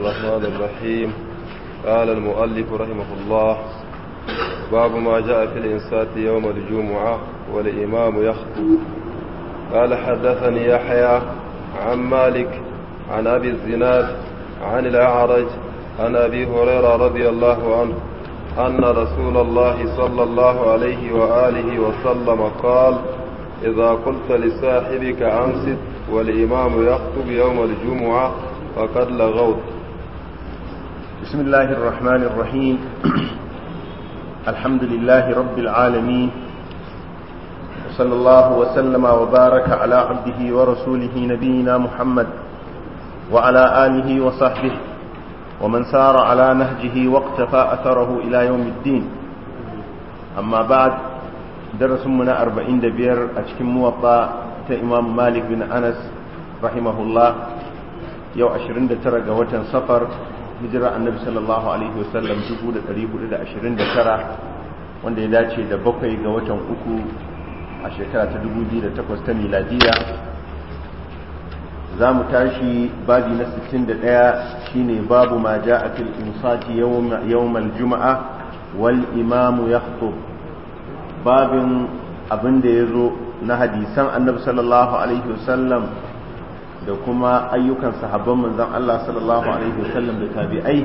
الرحمن الرحيم قال المؤلف رحمه الله باب ما جاء في الإنسات يوم الجمعة والإمام يخطب قال حدثني يحيى عن مالك عن أبي الزناد عن الأعرج عن أبي هريرة رضي الله عنه أن رسول الله صلى الله عليه وآله وسلم قال إذا قلت لصاحبك أمسك والإمام يخطب يوم الجمعة فقد لغوت بسم الله الرحمن الرحيم الحمد لله رب العالمين وصلى الله وسلم وبارك على عبده ورسوله نبينا محمد وعلى آله وصحبه ومن سار على نهجه واقتفى أثره إلى يوم الدين أما بعد درس من أربعين دبير أشكم موطا إمام مالك بن أنس رحمه الله يو عشرين دترق وتن صفر hijira annabi sallallahu alaihi wasallam 1429 wanda ya dace da bakwai ga watan uku a shekara ta 2008 ta miladiya za mu tashi babi na 61 shine babu ma ja a fil insati yawmal juma'a wal imamu yakhutub babin abin da ya zo na hadisan annabi sallallahu alaihi wasallam da kuma ayyukan sahabban manzon Allah sallallahu alaihi wasallam da tabi'ai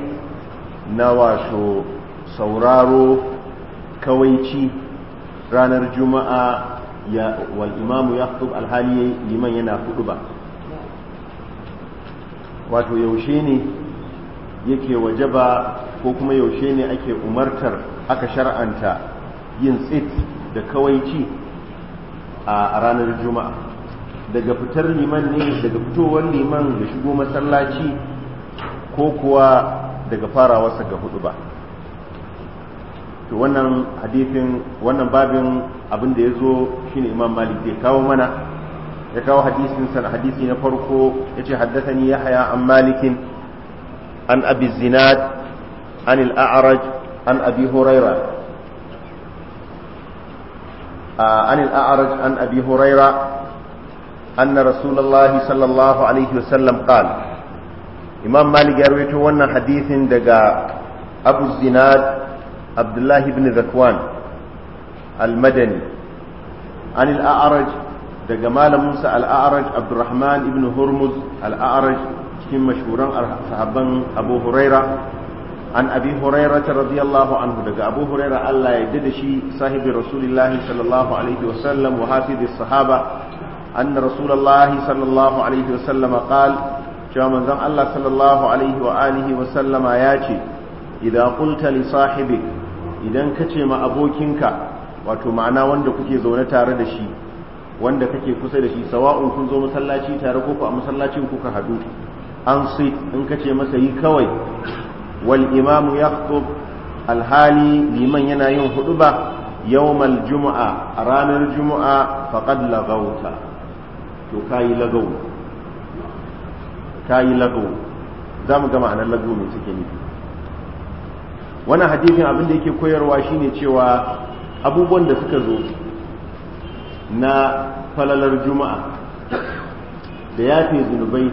na wato sauraro kawaici ranar juma'a ya wal imamu ya alhali liman yana hudu ba wato yaushe ne yake wajaba ko kuma yaushe ne ake umartar aka shar'anta yin tsit da kawaici a ranar juma'a daga fitar liman ne daga fitowar liman da shigo masallaci ko kuwa daga farawarsa ga hudu ba to wannan hadithin wannan babin abin da ya zo shine imam malik zai kawo mana ya kawo hadisin sana hadisi na farko ya ce haddathani yahya an malikin an abi zinad an al-a'raj an abi huraira ah, al الأعرج an abi هريرة أن رسول الله صلى الله عليه وسلم قال إمام مالك يرويته وانا حديث دقا أبو الزناد عبد الله بن ذكوان المدني عن الأعرج دقا مال موسى الأعرج عبد الرحمن بن هرمز الأعرج كم مشهورا صحابا أبو هريرة عن أبي هريرة رضي الله عنه دقا أبو هريرة ألا يددشي صاحب رسول الله صلى الله عليه وسلم وحافظ الصحابة أن رسول الله صلى الله عليه وسلم قال شاما زن الله صلى الله عليه وآله وسلم ياتي إذا قلت لصاحبك إذا كتي ما أبوكنك wato ma'ana wanda kuke zaune tare da shi wanda kake kusa da shi sawa'un kun zo masallaci tare ko ku a masallacin kuka hadu an sai in kace masa yi kawai wal imamu yakhutub alhali liman yana yin huduba yawmal jumu'a a ranar jumu'a faqad laghawta to ka yi lagau ka yi lagau za mu gama anan lagau mai cike nufi wannan hadisin abin da yake koyarwa shine cewa abubuwan da suka zo na falalar juma'a da yafe zunubai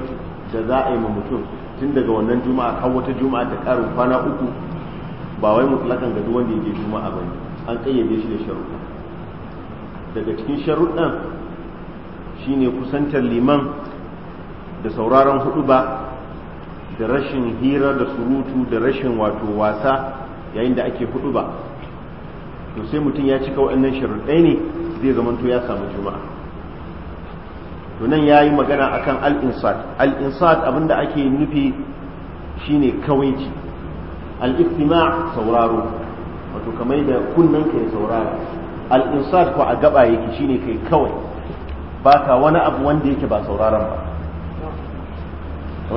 da za a yi ma mutum tun daga wannan juma'a har wata juma'a ta karin kwana uku ba wai mutlakan ga duk wanda yake juma'a ba ne an kayyade shi da sharuɗa daga cikin sharuɗan shine kusantar liman da sauraron huɗuba da rashin hira da surutu da rashin wato wasa yayin da ake huɗuba. to sai mutum ya cika waɗannan sharuɗai ne zai zamanto ya samu juma'a to nan ya yi magana akan al-insat al-insat abinda ake nufi shine kawaici al-istima' sauraro wato kamar da kunnen ya saurara al-insat ko a gaba yake shine kai kawai ba ka wani abu wanda yake ba sauraron ba kamar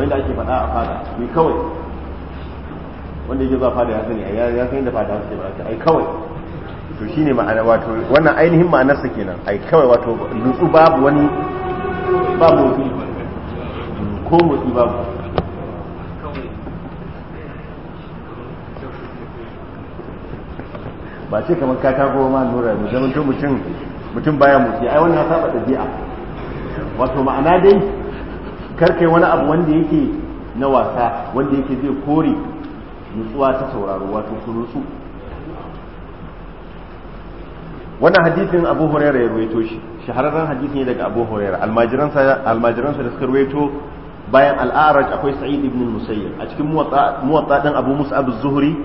yadda ake faɗa a fada ni kawai wanda yake zuwa fada ya sani ya san da fada suke ba ai kawai to shine ma'ana wato wannan ainihin ma'anarsa kenan ai kawai wato nutsu babu wani babu wani ko motsi babu ba ce kamar katako ma nura mu zama mutum mutum baya motsi ai wannan ya saba ɗabi'a wato ma'ana dai kar kai wani abu wanda yake na wasa wanda yake zai kore nutsuwa ta sauraro wato kurusu. nutsu wannan hadithin abu hurairah ya ruwaito shi shahararren hadithi ne daga abu sa almajiransa sa da suka ruwaito bayan al'araj akwai sa'id ibn musayyib a cikin muwatta dan abu mus'ab az-zuhri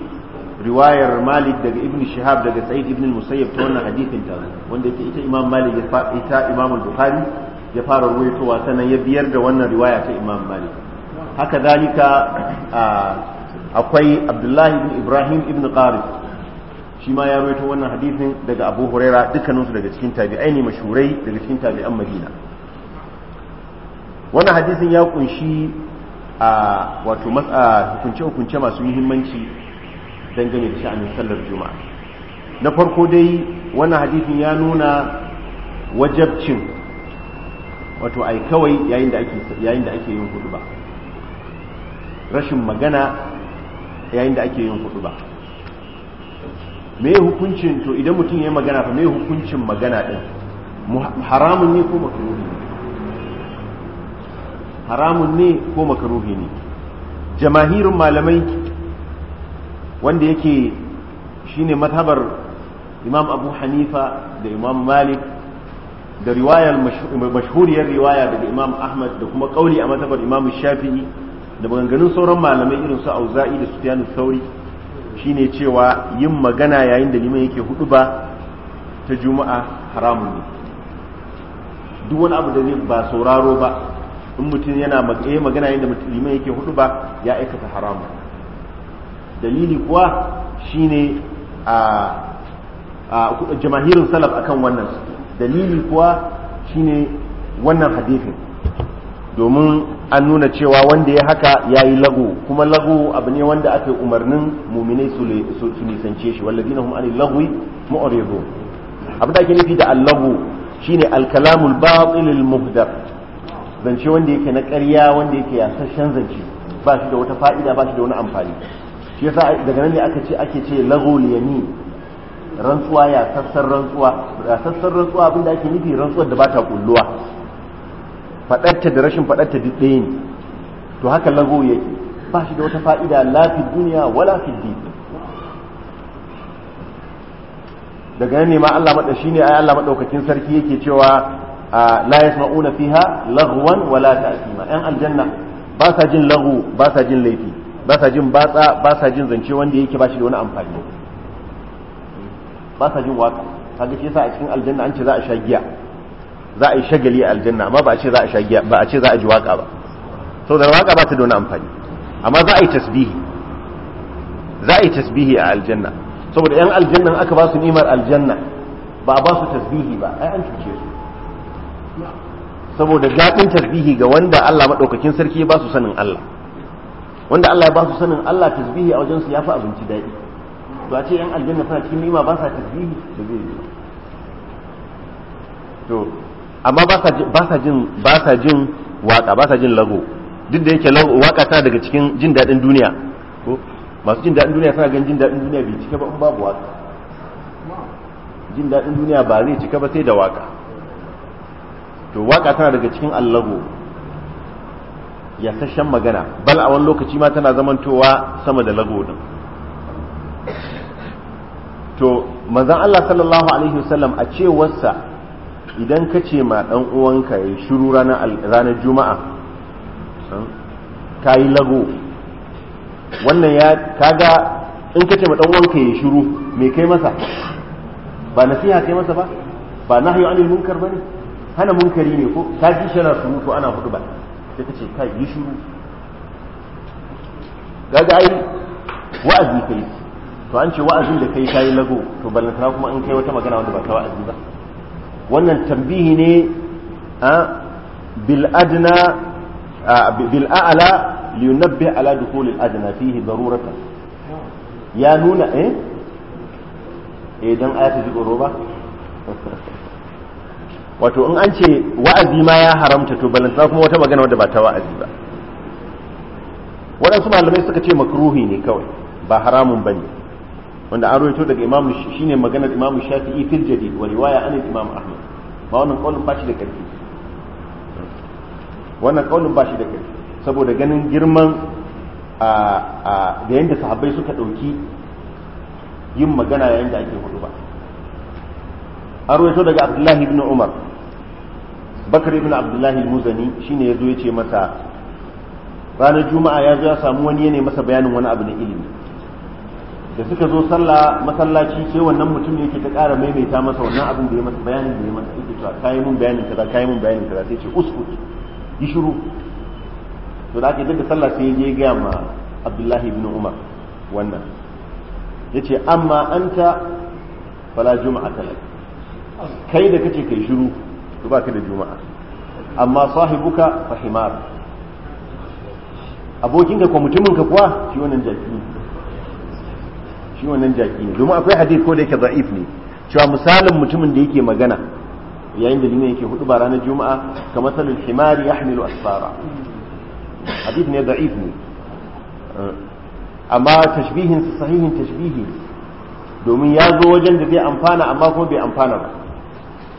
riwayar malik daga ibn shihab daga sa'id ibn musayyab ta wannan hadithin ta wanda yake ita imam malik ya ita imam bukhari ya fara ruwaitowa sannan ya biyar da wannan riwaya ta imam malik haka dalika akwai abdullahi ibn ibrahim ibn qarib shi ma ya ruwaito wannan hadithin daga abu huraira dukkaninsu daga cikin tabi'ai ne mashhurai daga cikin tabi'an madina wannan hadisin ya kunshi a wato hukunce-hukunce masu muhimmanci dangane da sha'anin sallar juma'a na farko dai wannan hadithin ya nuna wajabcin wato ai kawai yayin da ake yayin da ake yin hudu ba rashin magana yayin da ake yin hudu ba me hukuncin to idan mutum ya magana fa me hukuncin magana din haramun ne ko makruhi ne haramun ne ko makruhi ne jamahirin malamai wanda yake shine matabar imam abu hanifa da imam malik da riwayar mashhuriyar riwaya daga imam ahmad da kuma kauli a matabar imam shafi'i da maganganun sauran malamai irin su auza'i da sufyan sauri shine cewa yin magana yayin da liman yake hudu ba ta juma'a haramun ne duk wani abu da zai ba sauraro ba in mutum yana magana yayin da liman yake hudu ba ya aikata haramun dalili kuwa shine a jamahirin salaf akan wannan dalili kuwa shine wannan hadithin domin an nuna cewa wanda ya haka ya yi lagu kuma lagu abu ne wanda aka yi umarnin muminai su nisance shi an hum anil lagwi mu'ridu abu da ake nufi da allahu shine alkalamul batilul muhdar zance wanda yake na karya wanda yake yasashen zance ba shi da wata fa'ida ba shi da wani amfani shi yasa daga nan ne aka ce ake ce laghul yami rantsuwa ya sassan rantsuwa ya sassan rantsuwa abin da ake nufi rantsuwar da bata kulluwa fadarta da rashin fadarta duk ɗaya ne to haka lago yake ba shi da wata fa'ida lafi duniya wala fi din daga nan ne ma Allah mada a ai Allah madaukakin sarki yake cewa la yasma'una fiha laghwan wala ta'thima yan aljanna ba sa jin lagu ba sa jin laifi ba sa jin batsa ba sa jin zance wanda yake ba shi da wani amfani ba sa jin waka kaga shi yasa a cikin aljanna an ce za a sha giya za a yi shagali a aljanna amma ba a ce za a sha giya ba a ce za a ji waka ba da waka ba ta da wani amfani amma za a yi tasbihi za a yi tasbihi a aljanna saboda yan aljannan aka ba su nimar aljanna ba a ba su tasbihi ba ai an cuce su saboda gaɗin tasbihi ga wanda Allah maɗaukakin sarki ba su sanin Allah wanda Allah ya ba su sanin Allah tasbihi a wajen su yafi abinci daɗi to a ce yan aljanna suna cikin nima ba sa tasbihi da zai yi to amma ba sa jin ba sa jin waka ba sa jin lago duk da yake waka tana daga cikin jin daɗin duniya ko masu jin daɗin duniya suna ganin jin daɗin duniya bai cika ba in babu waka jin daɗin duniya ba zai cika ba sai da waka to waka tana daga cikin allago Ya sashen magana bal a wani lokaci ma tana zamantowa sama da lago din to manzon Allah sallallahu alaihi wasallam a cewarsa idan ka ce ma dan uwanka ya shiru ranar juma'a hmm, ka yi lago wannan ya kaga in ka ce ma dan uwanka ya shiru me kai masa ba nasiha kai masa ba ba nahyu anil munkar bane hana munkari ne ko ta ji shara su mutu ana hudu ba sai ta ce kai yi shiru gaga ai wa'azi kai to an ce wa'azin da kai yi lago to ballantana kuma in kai wata magana wanda ba ta wa'azi ba wannan tambihi ne a bil adna bil a'la li yunabbi ala dukhul al adna fihi daruratan ya nuna eh eh dan ayatu ji goro ba wato in an ce wa'azi ma ya haramta to balantana kuma wata magana wadda ba ta wa'azi ba waɗansu malamai suka ce makruhi ne kawai ba haramun bane wanda an rawaito daga imam shine maganar imam shafi'i fil jadid wa riwaya an imam ahmad ba wannan kaulin ba shi da karfi wannan kaulin ba shi da karfi saboda ganin girman a da yanda sahabbai suka dauki yin magana yayin da ake hudu ba an rawaito daga abdullahi ibn umar bakar ibn abdullahi muzani shine ya zo ya ce masa ranar juma'a ya zo ya samu wani ya ne masa bayanin wani abu na ilimi da suka zo sallah masallaci sai wannan mutum ne yake ta ƙara maimaita masa wannan abin da ya masa bayanin da ya masa yake cewa kayi mun bayanin kaza kayi mun bayanin kaza sai ce uskut yi shiru to da aka yi da sallah sai ya je ma abdullahi ibn umar wannan ya ce amma anta fala juma'a talak kai da kace kai shiru to ka da juma'a amma sahibuka fa himar abokinka ko ka kuwa shi wannan jaki ne shi wannan jaki ne domin akwai hadith ko da yake da'if ne cewa misalin mutumin da yake magana yayin da liman yake hudu ba ranar juma'a kamar salul himari hamilu asfara hadith ne da'if ne amma tashbihin sahihin tashbihi domin ya zo wajen da zai amfana amma kuma bai amfana ba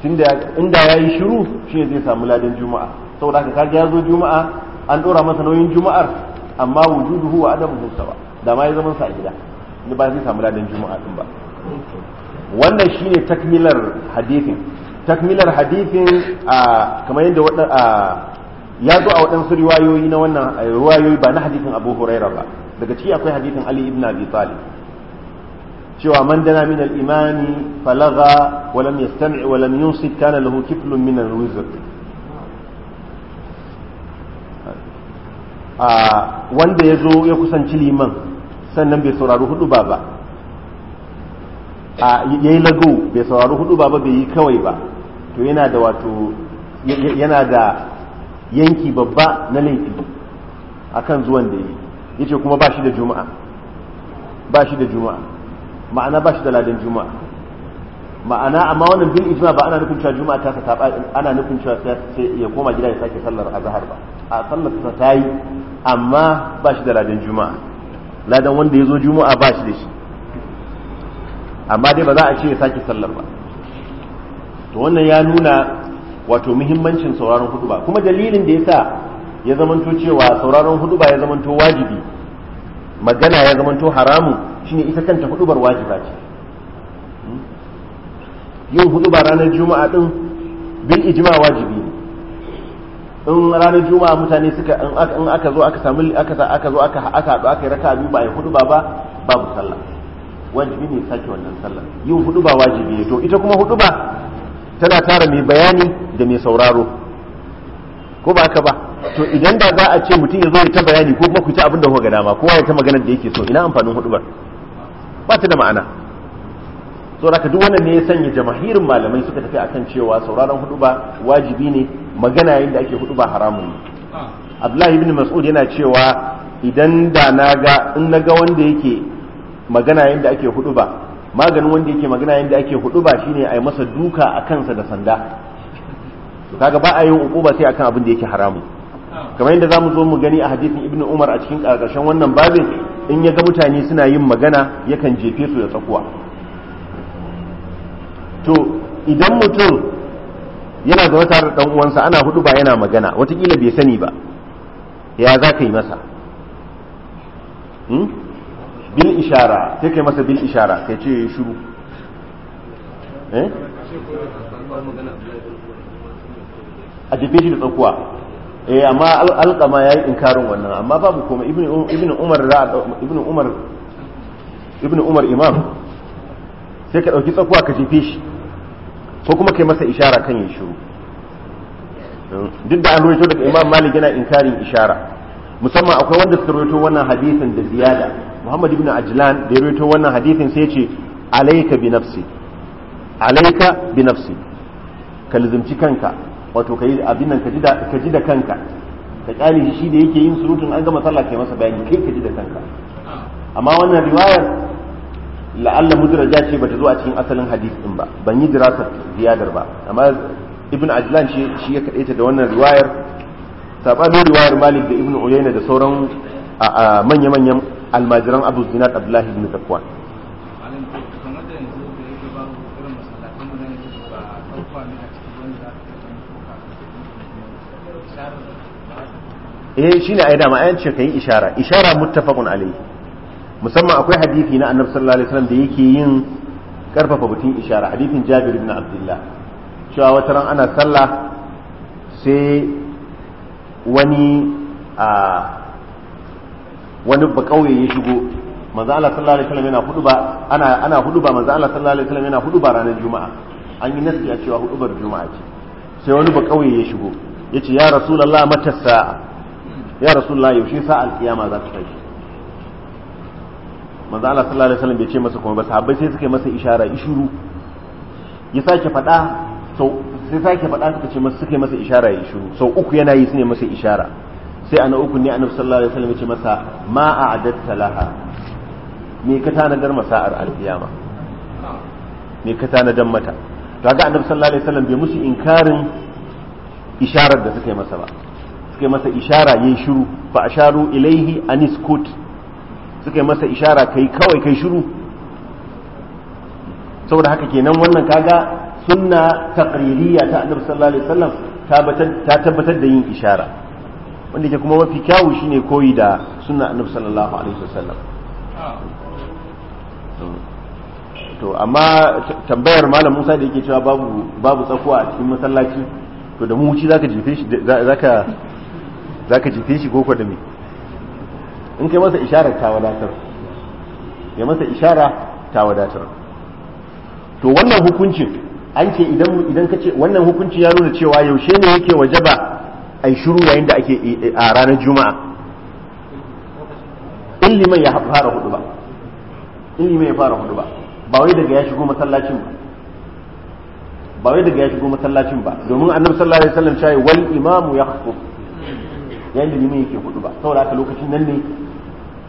tunda ya yi shiru shi zai samu ladan juma'a saboda haka kaga ya zo juma'a an dora masa nauyin juma'ar amma wujuduhu wa adamu sawa da ma ya zama sa a gida ni ba zai samu ladan juma'a din ba wannan shine takmilar hadithin takmilar hadithin a kamar yadda wadan ya zo a waɗansu riwayoyi na wannan riwayoyi ba na hadisin Abu Hurairah ba daga ciki akwai hadisin Ali ibn Abi Talib cewa man dana min al-imani falaga wa lam yastami' wa lam yunsib kana lahu kiflun min al-wizr a wanda ya zo ya kusanci liman sannan bai saurari hudu ba ba a yayi lagu bai saurari hudu ba ba bai yi kawai ba to yana da wato yana da yanki babba na laifi akan zuwan da yi yace kuma ba shi da juma'a ba shi da juma'a ma'ana ba shi da ladan juma'a ma'ana amma wannan bil ijma ba ana nufin cewa juma'a ta ta ba ana nufin cewa sai ya koma gida ya sake sallar azhar ba a sallar ta tayi amma ba shi da ladan juma'a ladan wanda ya zo juma'a ba shi da shi amma dai ba za a ce ya sake sallar ba to wannan ya nuna wato muhimmancin sauraron huduba kuma dalilin da ya sa ya zamanto cewa sauraron huduba ya zamanto wajibi magana ya zamanto haramun shine ita kanta hudubar wajiba ce yin huduba ranar juma'a din bil ijma wajibi ne in ranar juma'a mutane suka in aka zo aka samu aka aka zo aka aka haɗu aka yi raka biyu ba a yi huduba ba babu sallah wajibi ne sake wannan sallah yin huduba wajibi ne to ita kuma huduba tana tara mai bayani da mai sauraro ko ba ka ba to idan da za a ce mutum ya zo ya ta bayani ko kuma ku ta abin da kuka ga dama kowa ya ta maganar da yake so ina amfanin hudubar ba ta da ma'ana saboda duk wannan ne ya sanya jamahirin malamai suka tafi akan cewa sauraron hudu ba wajibi ne magana yadda ake hudu ba haramun ne abdullahi ibn mas'ud yana cewa idan da na ga in na ga wanda yake magana yadda ake hudu ba maganin wanda yake magana yadda ake hudu ba shine a yi masa duka a kansa da sanda to kaga ba a yin ukuba sai akan abin da yake haramu kamar yadda zamu zo mu gani a hadisin ibnu umar a cikin karkashin wannan babin in ya ga mutane suna yin magana yakan jefe su da tsakuwa to idan mutum yana zama tare da uwansa ana hudu ba yana magana watakila bai sani ba ya za ka yi masa hmm? bil ishara sai kai masa bil ishara kai ce ya shuru eh? a jefe shi da tsakuwa eh amma alqama yi inkarin wannan amma babu komai ibnu ibnu umar ibnu umar ibnu umar imam sai ka dauki tsakuwa ka jefe shi ko kuma kai masa ishara kan ya shiru hmm. duk da an rawaito daga imam malik yana inkarin ishara musamman akwai wanda suka rawaito wannan hadisin da ziyada muhammad ibn ajlan da ya rawaito wannan hadisin sai ce alayka bi nafsi alayka bi nafsi ka kanka wato kai abin nan ka ji da kanka ka kyale shi da yake yin surutun an gama sallah kai masa bayani kai ka ji da kanka amma wannan riwayar la'alla mudraja ce ta zo a cikin asalin hadis din ba ban yi dirasar ziyadar ba amma ibn ajlan shi shi ya ta da wannan riwayar sabanin riwayar malik da ibn uyayna da sauran manya-manyan almajiran abu zinat abdullahi ibn zakwan eh shine ai dama ayan ka yi ishara ishara muttafaqun alayhi musamman akwai hadisi na annabi sallallahu alaihi wasallam da yake yin karfafa batun ishara hadisin Jabir ibn Abdullah cewa wata ran ana sallah sai wani a wani bakauye ya shigo manzo Allah sallallahu alaihi wasallam yana hudu ba ana ana hudu ba manzo Allah sallallahu alaihi wasallam yana hudu ba ranar juma'a an yi nasiya cewa hudu juma'a ce sai wani bakauye ya shigo yace ya rasulullah mata sa'a ya rasulullah yaushe sa'a alkiyama za ta tashi manzo Allah sallallahu alaihi wasallam bai ce masa kuma ba sahabbai sai suka yi masa ishara ishuru ya sake faɗa sau sai sake faɗa suka ce masa suka yi masa ishara ya ishuru sau uku yana yi su ne masa ishara sai ana uku ne annabi sallallahu alaihi wasallam ya ce masa ma a'adatta laha me ka tanadar masa'ar alkiyama me ka tanadar mata to ga annabi sallallahu alaihi wasallam bai musu inkarin isharar da suka yi masa ba suka yi masa ishara yayi shiru fa asharu ilaihi aniskut suka yi masa ishara kai kawai kai shiru saboda haka kenan wannan kaga sunna taqririyya ta annabi sallallahu alaihi wasallam ta tabbatar da yin ishara wanda ke kuma mafi kyawu shine koyi da sunna annabi sallallahu alaihi wasallam to amma tambayar malam Musa da yake cewa babu babu tsakuwa a cikin masallaci to da muci zaka jefe shi zaka zaka jefe shi koko da me in kai masa isharar ta wadatar ya masa ishara ta wadatar to wannan hukuncin an ce idan idan kace wannan hukunci ya nuna cewa yaushe ne yake wajaba ai shiru yayin da ake eh, a ranar juma'a in liman ya fara hudu ba in liman ya fara hudu ba ba wai daga ya shigo masallacin ba ba wai daga ya shigo masallacin ba domin annabi sallallahu alaihi wasallam shayi wal imamu khutub yayin da limin yake hudu ba saboda haka lokacin nan ne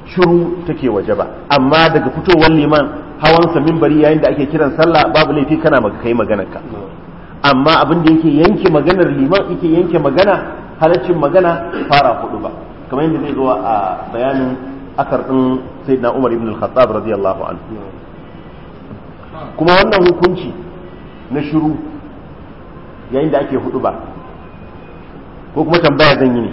shiru take waje ba amma daga fitowar liman hawan sa minbari yayin da ake kiran sallah babu laifi kana maka kai maganar ka amma abin da yake yanke maganar liman yake yanke magana halaccin magana fara hudu ba kamar yadda zai zo a bayanin akar din sayyidina Umar ibn al-Khattab radiyallahu anhu kuma wannan hukunci na shiru yayin da ake hudu ba ko kuma tambaya zan yi ne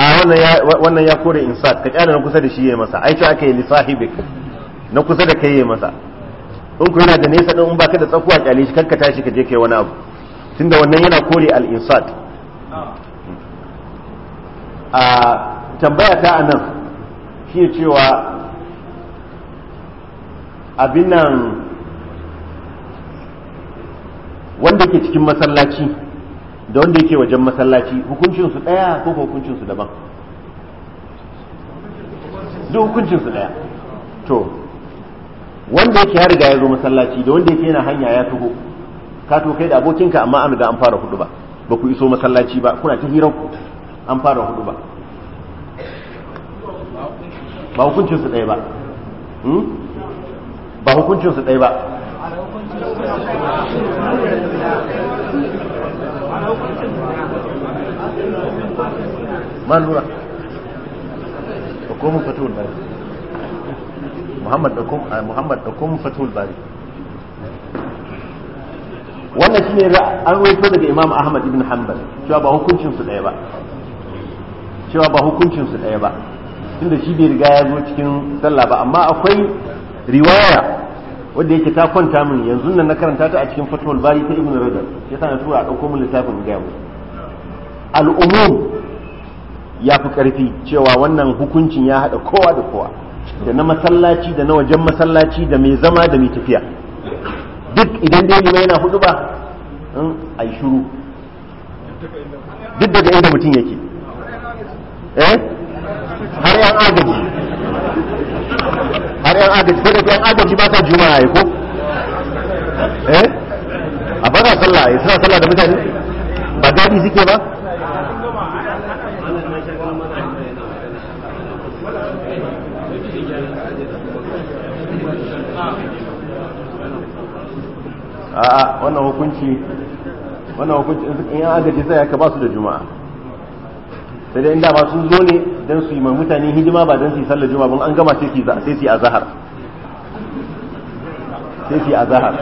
a wannan ya kore insat ka kyana na kusa da shi ya masa aiki aka yi Hibik na kusa da kai ya masa in ku yana da nesa ɗin ba ka da tsakuwa kyale shi karkata shi ka je kai wani abu tunda wannan yana kore al insat a tambaya ta nan shi cewa abin nan wanda ke cikin masallaci da wanda yake wajen masallaci hukuncinsu ɗaya ko hukuncinsu daban duk hukuncinsu ɗaya to wanda yake ya riga ya zo masallaci da wanda yake yana hanya ya tuho ka to kai da abokinka amma an riga an fara hudu ba ba ku iso masallaci ba kuna ta hirar ku an fara hudu ba ba su ɗaya ba hmm? ba su ɗaya ba ma lura da komin fatul bari muhammad da komin eh, fatul bari wannan shine an waito daga Imam Ahmad ibn Hanbal cewa ba hukuncin su ɗaya ba cewa ba hukuncin su ɗaya ba tunda shi bai riga ya zo cikin sallah ba amma akwai riwaya wanda yake ta kwanta min yanzu nan na karanta ta a cikin Fathul Bari ta Ibn Rajab sa na tura a dauko min littafin ga mu al'umum ya fi karfi cewa wannan hukuncin ya haɗa kowa da kowa da na masallaci da na wajen masallaci da mai zama da mai tafiya duk idan dai yi yana hudu ba hmm, a yi shuru duk daga inda mutum yake eh har yan agaji har yan agaji ko da yan agaji ba ta juma'a ya ko eh a ba sallah ya suna sallah da mutane ba gadi suke ba a'a wannan hukunci wannan hukunci in an agaji sai ka ba su da juma'a sai dai inda ba sun zo ne dan su yi ma mutane hijima ba don su yi sallar juma'a ban an gama sai su sai su azhar sai su azhar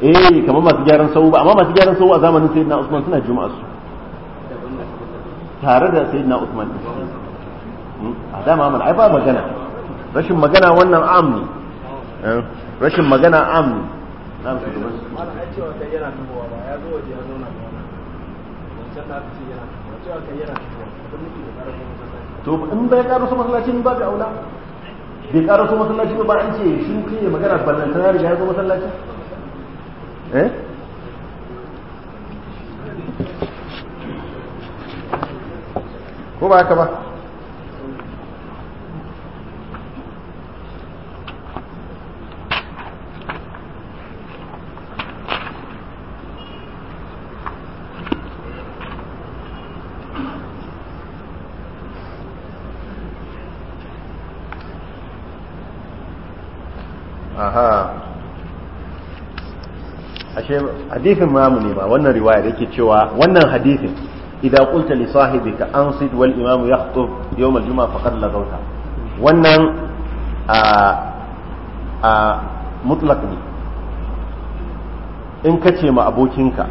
eh kamar masu gyaran sau ba amma masu gyaran sau a zamanin sayyidina Usman suna juma'a su tare da sayyidina Usman hmm, a dama mana ai ba magana rashin magana wannan amni eh, rashin magana amni na musu gaban su mana ai cewa kai yana tabowa ba ya zo waje ya zauna ba wancan da aka ce yana tabowa cewa kai yana tabowa abin nufi da ƙarfin masallaci to in bai ƙaraso masallacin ba bi aula bai ƙaraso masallaci ba ba an ce shi kai magana ballantana riga ya zo masallaci eh ko ba haka ba ashe hadithin mamu ne ba wannan riwaya da ke cewa wannan hadithin idan kulta li sahibika ansid wal imamu yakhutub yawm al juma'a faqad lagauta wannan a a mutlaq ne in ka ce ma abokinka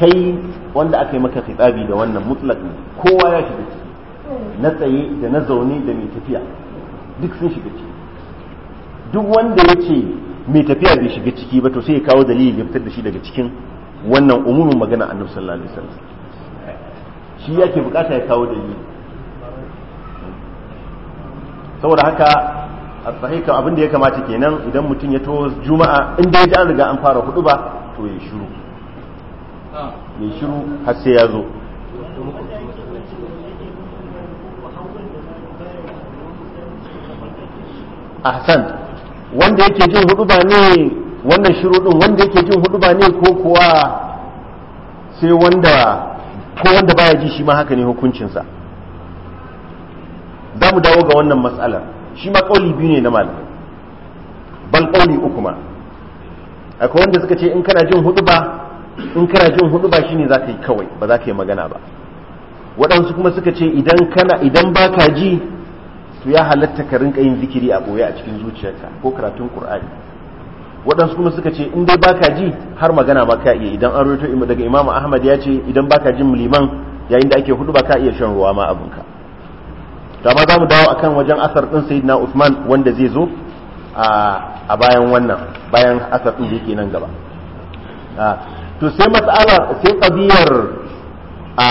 kai wanda aka yi maka khitabi da wannan mutlaq ne kowa ya shiga ciki na tsaye da na zaune da mai tafiya duk sun shiga ciki duk wanda ya ce mai tafiya bai shiga ciki ba to sai ya kawo dalili ya fitar da shi daga cikin wannan umurin magana annabi sallallahu alaihi wasallam shi yake bukata ya kawo dalili saboda haka a sahika abin da ya kamata kenan idan mutum ya to juma'a inda ya ji an riga an fara hudu ba to ya shiru ya shiru har sai ya zo ahsan wanda yake jin hudu ba ne wannan shirudin wanda yake jin hudu ba ne ko kuwa sai wanda ko wanda baya ji shi ma haka ne hukuncinsa za mu dawo ga wannan matsalar shi ma kauli biyu ne na malamai bal kauli uku ma akwai wanda suka ce in kana jin hudu ba in kana jin hudu ba shine za ka yi kawai ba za ka yi magana ba waɗansu kuma suka ce idan kana idan baka ji to ya halatta ka rinka yin zikiri a boye a cikin zuciyarka ko karatun qur'ani waɗansu kuma suka ce in dai baka ji har magana ma ka iya idan an rawaito daga imamu ahmad ya ce idan baka jin liman yayin da ake hudu ba ka iya shan ruwa ma abinka to amma za mu dawo akan wajen asar din sayyidina usman wanda zai zo a bayan wannan bayan asar din da yake nan gaba to sai matsala sai qadiyar a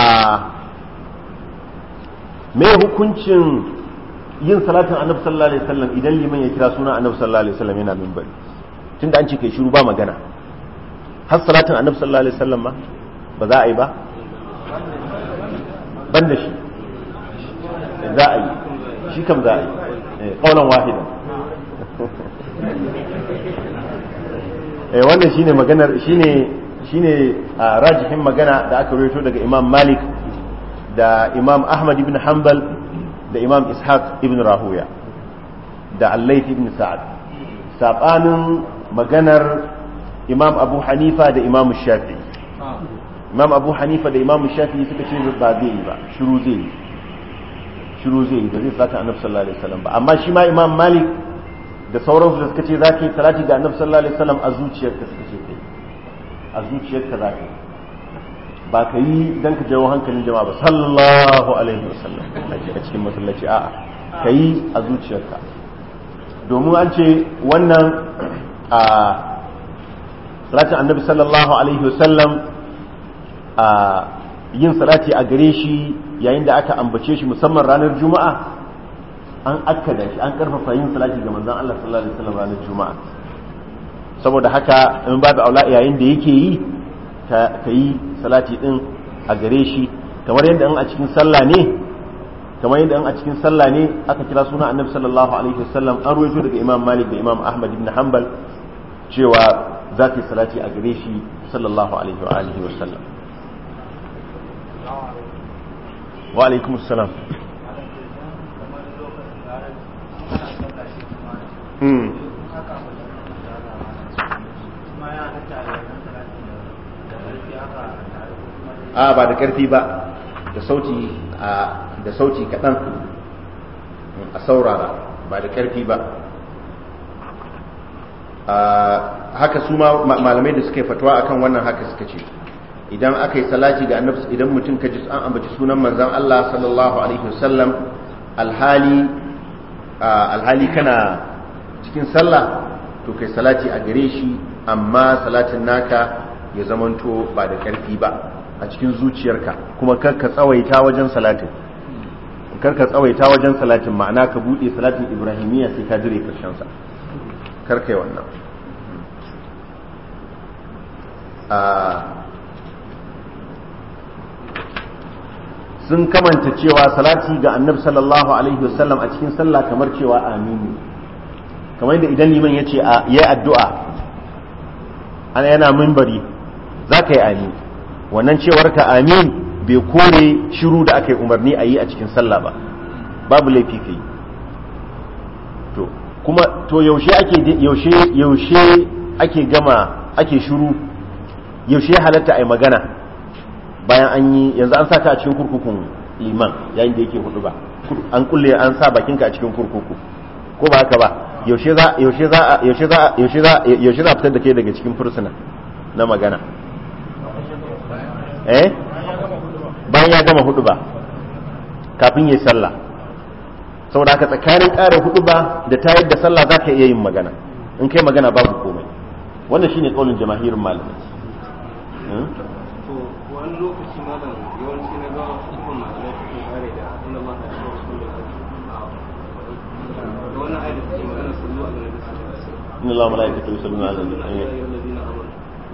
me hukuncin yin salatin annabi sallallahu alaihi wasallam idan liman ya kira suna annabi sallallahu alaihi wasallam yana min bari tunda an ce kai shiru ba magana har salatin annabi sallallahu alaihi wasallam ma ba za a yi ba ban da shi za a yi shi kam za a yi ƙaunar eh, wahidan eh, wannan shine maganar shine shine rajihin magana da aka rawaito daga imam malik da imam ahmad ibn hanbal da imam ishaq ibn rahuya da allait ibn sa'ad saɓanin maganar imam abu hanifa da imam shafi imam abu hanifa da imam shafi suka ce ba zai yi ba shiru zai yi shiru zai yi da zai saka annabi sallallahu alaihi wasallam ba amma shi ma imam malik da sauransu da suka ce za ka yi salati ga annabi sallallahu alaihi wasallam a zuciyarka suka ce kai a zuciyarka za ka yi ba ka yi don ka jawo hankalin jama'a ba sallallahu alaihi wasallam a cikin masallaci a'a ka yi a zuciyarka domin an ce wannan a salatin annabi sallallahu alaihi wasallam a yin salati a gare shi yayin da aka ambace shi musamman ranar juma'a an akkada shi an karfafa yin salati ga manzon Allah sallallahu alaihi wasallam ranar juma'a saboda haka in babu aula yayin da yake yi ka yi salati din a gare shi kamar yadda in a cikin sallah ne kamar yadda in a cikin sallah ne aka kira suna annabi sallallahu alaihi wasallam an ruwaito daga imam malik da imam ahmad ibn hanbal cewa za ta yi salati a gare shi sallallahu alaihi wa alihi wasallam wa alaikum assalam hmm a ba da karfi ba da sauti da sauti kaɗan a saurara ba da karfi ba haka su malamai da suke fatuwa akan wannan haka suka ce idan aka yi salati ga annabi idan mutum ka ji an ambaci sunan manzon Allah sallallahu alaihi wasallam alhali alhali kana cikin sallah to kai salati a gare shi amma salatin naka ya zamanto ba da karfi ba a cikin zuciyarka kuma kar ka tsawaita wajen salatin kar ka tsawaita wajen salatin ma'ana ka bude salatin ibrahimiyya sai ka dire karshen sa kar yi wannan sun kamanta cewa salati ga annabi sallallahu alaihi wasallam a cikin sallah kamar cewa aminu kamar yadda idan liman ya ce ya addu'a ana yana mimbari za ka yi amin wannan cewar ka amin bai kore shiru da aka yi umarni a yi a cikin sallah ba babu laifi ka yi to kuma to yaushe ake yaushe yaushe ake gama ake shiru yaushe halatta a yi magana bayan an yi yanzu an saka a cikin kurkukun liman yayin da yake hudu ba an kulle an sa bakinka a cikin kurkuku ko ba haka ba yaushe za yaushe za yaushe za yaushe za fitar da kai daga cikin fursuna na magana eh bayan ya gama hudu ba kafin yi sallah saboda haka tsakanin ƙara hudu ba da ta da sallah za ka iya yin magana in kai magana babu komai wannan shine kaulin jamahirin malamai hmm? wani lokaci malam yawanci na ga hukumar malamai kare da ma ta da a da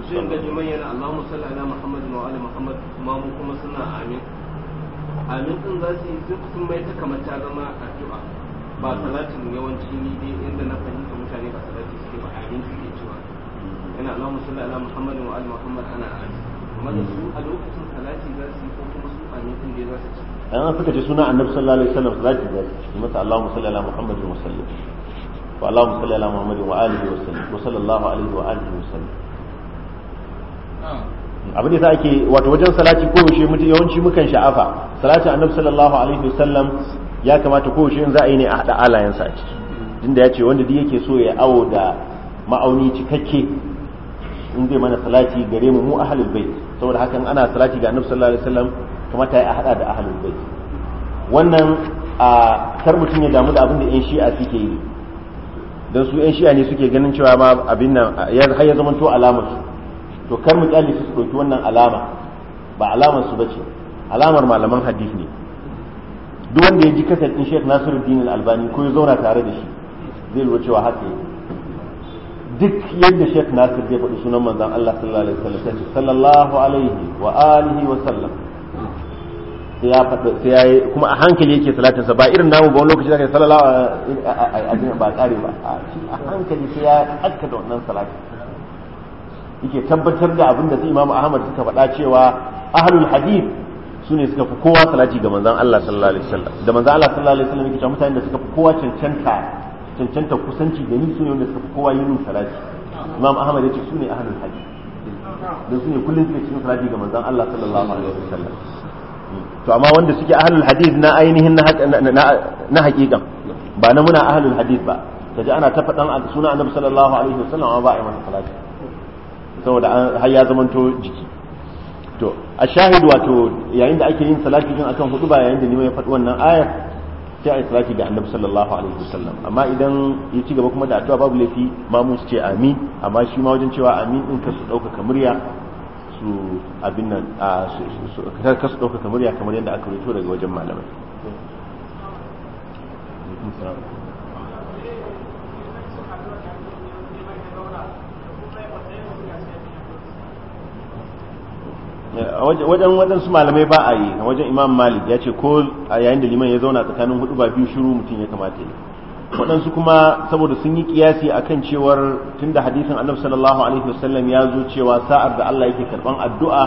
sai da liman yana Allahumma ala Muhammad wa ala Muhammad kuma mu kuma suna amin amin din za su yi sun mai ta zama addu'a ba salatin yawanci ni dai inda na fahimta mutane ba salati suke ba amin suke cewa ala Muhammad wa ala Muhammad ana amin amma da su a lokacin salati za su yi ko kuma su amin din dai za su ci an suka suna annabi sallallahu alaihi wasallam salati za su ci masa ala Muhammad wa wa ala Muhammad wa alihi wa sallim wa sallallahu alaihi wa alihi wa abin da ake wato wajen salati ko yaushe yawanci mukan sha'afa salati annabi sallallahu alaihi wasallam ya kamata ko yaushe in za a yi ne a hada alayen sa ciki tunda ya ce wanda duk yake so ya awo da ma'auni cikakke in zai mana salati gare mu mu ahlul bait saboda hakan ana salati ga annabi sallallahu alaihi wasallam kamata ya hada da ahlul bait wannan a kar mutum ya damu da abin da yan shi'a suke yi dan su yan shi'a ne suke ganin cewa ma abin nan har ya to alamar su to kar mu kyale su ɗauki wannan alama ba alamar su bace alamar malaman hadith ne duk wanda ya ji kasar din Sheikh Nasiruddin Al-Albani ko ya zauna tare da shi zai lura cewa haka yake duk yadda Sheikh Nasir zai faɗi sunan manzon Allah sallallahu alaihi wasallam sallallahu alaihi wa alihi wa sallam sai ya faɗa sai ya kuma a hankali yake salatin sa ba irin namu ba wani lokaci zaka sallallahu alaihi ba tsare ba a hankali sai ya akka da wannan salatin yake tabbatar da abin da su imamu ahmad suka faɗa cewa ahlul hadith su ne suka fi kowa salati ga manzan Allah sallallahu alaihi wasallam da manzan Allah sallallahu alaihi wasallam yake cewa mutane da suka fi kowa cancanta cancanta kusanci da ni su ne wanda suka fi kowa yin salati imam ahmad ya ce su ne ahlul hadith Don su ne kullum suke cikin salati ga manzan Allah sallallahu alaihi wasallam to amma wanda suke ahlul hadith na ainihin na hakikan ba na muna ahlul hadith ba kaji ana ta faɗan sunan annabi sallallahu alaihi wasallam amma ba a yi masa salati saboda har ya zamanto jiki to a shahid wato yayin da ake yin salati din akan hudu ba yayin da nima ya faɗi wannan aya sai a yi salati ga annabi sallallahu alaihi wasallam amma idan ya ci gaba kuma da addu'a babu laifi ma mu ce amin amma shi ma wajen cewa amin din ka su ɗaukaka murya su abin nan ka su ɗaukaka murya kamar yadda aka rito daga wajen malamai Eh, wajen wajen su malamai ba a yi wajen imam malik ya ce ko a yayin da liman ya zauna tsakanin hudu ba biyu shiru mutum ya kamata yi waɗansu kuma saboda sun yi kiyasi kan cewar tun da hadisin annabi sallallahu alaihi wasallam ya zo cewa sa'ar da Allah yake karban addu'a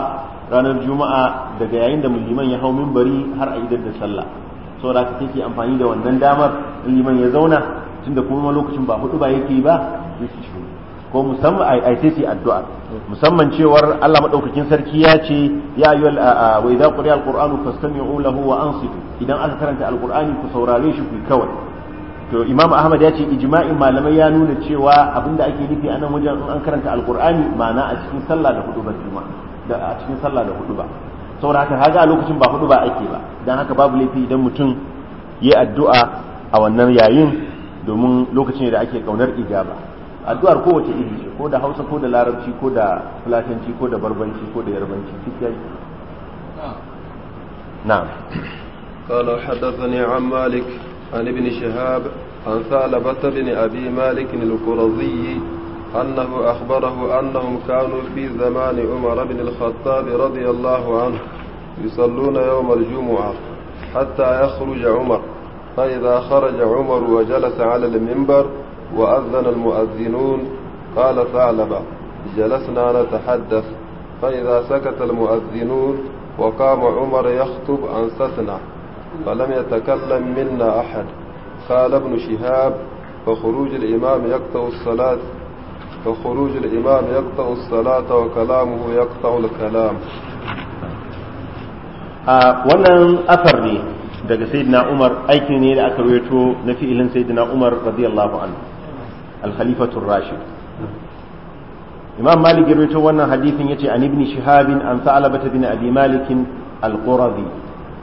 ranar juma'a daga yayin da liman ya hau minbari har a idar da sallah saboda ka take amfani da wannan damar liman ya zauna tunda kuma lokacin ba hudu ba yake ba zai shiru ko musamman ai sai addu'a musamman cewar Allah madaukakin sarki ya ce ya ayu wa idza quriya alquranu fastami'u lahu wa ansitu idan aka karanta alƙur'ani ku saurare shi ku kawai to imam ahmad ya ce ijma'in malamai ya nuna cewa abinda ake nufi a nan wajen in an karanta alƙur'ani ma'ana a cikin sallah da hudu ba da a cikin sallah da hudu ba saboda haka haga a lokacin ba hudu ba ake ba dan haka babu laifi idan mutum yi addu'a a wannan yayin domin lokacin da ake kaunar ijaba addu'ar kowace iri ce ko da hausa ko da larabci ko da fulatanci ko da barbanci ko da yarbanci duk na'am قال حدثني عن مالك عن ابن شهاب عن ثعلبة بن أبي مالك القرظي أنه أخبره أنهم كانوا في زمان عمر بن الخطاب رضي الله عنه يصلون يوم الجمعة حتى يخرج عمر فإذا خرج عمر وجلس على المنبر وأذن المؤذنون قال ثعلبة جلسنا نتحدث فإذا سكت المؤذنون وقام عمر يخطب أنستنا فلم يتكلم منا أحد قال ابن شهاب فخروج الإمام يقطع الصلاة فخروج الإمام يقطع الصلاة وكلامه يقطع الكلام آه، wannan afar ne daga sayyidina Umar aiki ne da aka rawaito na fi'ilin sayyidina Umar radiyallahu anhu al rashid imam malik ya wannan hadisin yace an ibni shihab an sa'laba bin abi malik al quradi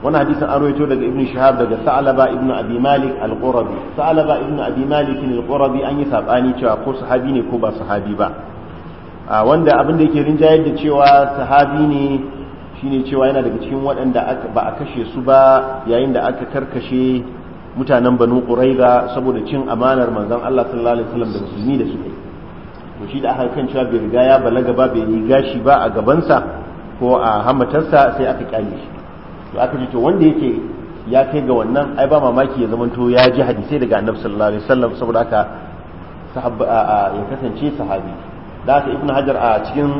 wannan hadisin an rawaito daga ibni shihab daga sa'alaba ibnu abi malik al quradi sa'alaba ibn abi malik al quradi an yi sabani cewa ko sahabi ne ko ba sahabi ba wanda abin da yake rinjayar da cewa sahabi ne shine cewa yana daga cikin waɗanda ba a kashe su ba yayin da aka karkashe mutanen banu ba saboda cin amanar manzon Allah sallallahu alaihi wasallam da musulmi da suka yi to shi da aka kan cewa bai riga ya balaga ba bai yi gashi ba a gabansa ko a hammatarsa sai aka kyale shi to aka ji to wanda yake ya kai ga wannan ai ba mamaki ya zamanto ya ji hadisai daga annabi sallallahu alaihi wasallam saboda haka sahabba ya kasance sahabi da haka ibnu hajar a cikin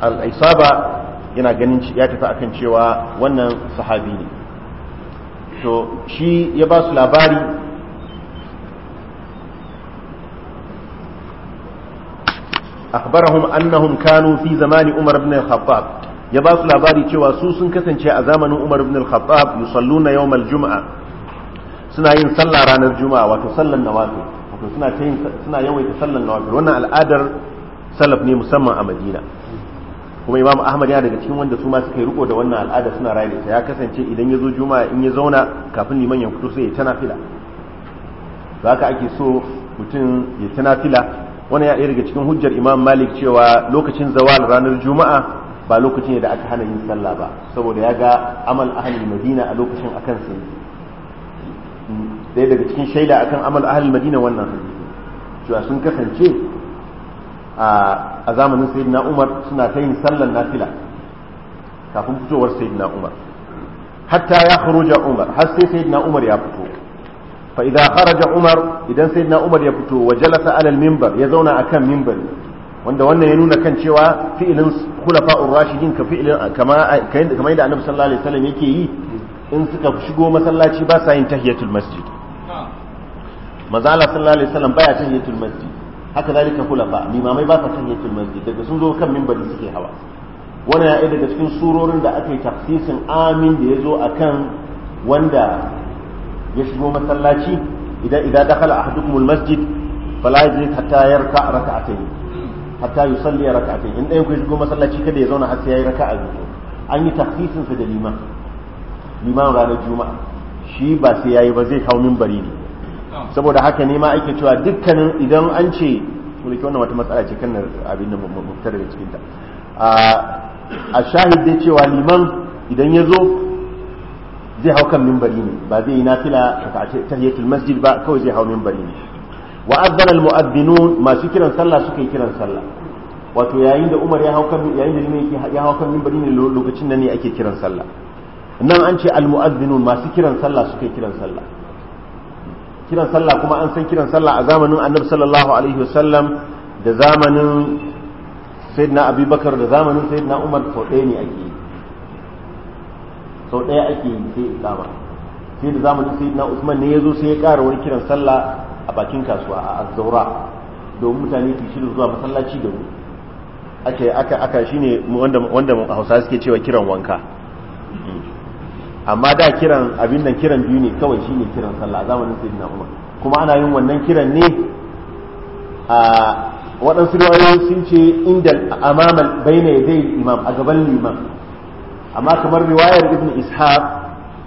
al-isaba yana ganin ya tafi akan cewa wannan sahabi ne to shi ya ba su labari fi zamani umar ya ba labari cewa su sun kasance a zamanin umar ibn al-khattab yusalluna yawmal juma'a suna yin sallah ranar juma'a wato sallan nawafil wato suna suna yawaita sallan nawafil wannan al'adar salaf ne musamman a madina kuma imam ahmad yana daga cikin wanda su ma suka yi riko da wannan al'ada suna raye da ya kasance idan ya zo juma'a in ya zauna kafin liman ya fito sai ya tana fila za ka ake so mutum ya tana fila wani ya daga cikin hujjar imam malik cewa lokacin zawal ranar juma'a ba lokacin da aka hana yin sallah ba saboda ya ga amal ahli madina a lokacin akan sai ɗaya daga cikin shaida akan amal ahli madina wannan hadisi cewa sun kasance a zamanin sayyidina umar suna ta yin sallan nafila kafin fitowar sayyidina umar hatta ya kharuja umar har sai sayyidina umar ya fito fa idza kharaja umar idan sayyidina umar ya fito wa jalasa ala al-minbar ya zauna akan minbari wanda wannan ya nuna kan cewa fi'ilin khulafa'ur rashidin ka fi'ilin kama kamar yadda annabi sallallahu alaihi wasallam yake yi in suka shigo masallaci ba sa yin tahiyatul masjid manzo Allah sallallahu alaihi wasallam baya tahiyatul masjid haka zalika ba limamai ba sa tahiyatul masjid daga sun zo kan minbari suke hawa wannan ya daga cikin surorin da aka yi tafsisin amin da ya zo a kan wanda ya shigo masallaci idan idan dakhala ahadukumul masjid fala yajlis hatta yarka rak'atayn hatta yusalli rak'atayn in dai ku shigo masallaci kada ya zauna har sai yayi raka'a biyu an yi tafsirin sa da liman liman ranar juma'a shi ba sai yayi ba zai hau minbari ne saboda haka ne ma ake cewa dukkanin idan an ce mulki wannan wata matsala ce kan abin da mutar daga cikin ta a shahid dai cewa liman idan ya zo zai hau kan mimbari ne ba zai yi nafila tahiyatul masjid ba kawai zai hau mimbari ne wa azzana al mu'adhdhinun masu kiran sallah suka yi kiran sallah wato yayin da Umar ya hau kan yayin da ya hau kan mimbari ne lokacin da ne ake kiran sallah nan an ce al mu'adhdhinun masu kiran sallah suka yi kiran sallah kiran sallah kuma an san kiran sallah a zamanin annabi sallallahu alaihi wasallam da zamanin sayyidina abubakar da zamanin sayyidina umar sau ɗaya ne ake yi sau ɗaya ake yi sai iqama sai da zamanin sayyidina usman ne ya zo sai ya ƙara wani kiran sallah a bakin kasuwa a azzaura domin mutane su shirya zuwa masallaci da ake aka aka shine wanda wanda hausa suke cewa kiran wanka amma da kiran abin nan kiran biyu ne kawai shine kiran sallah a zamanin sayyidina Umar kuma ana yin wannan kiran ne a waɗansu riwayoyi sun ce inda amama bayna yadai imam a gaban liman amma kamar riwayar ibn ishaq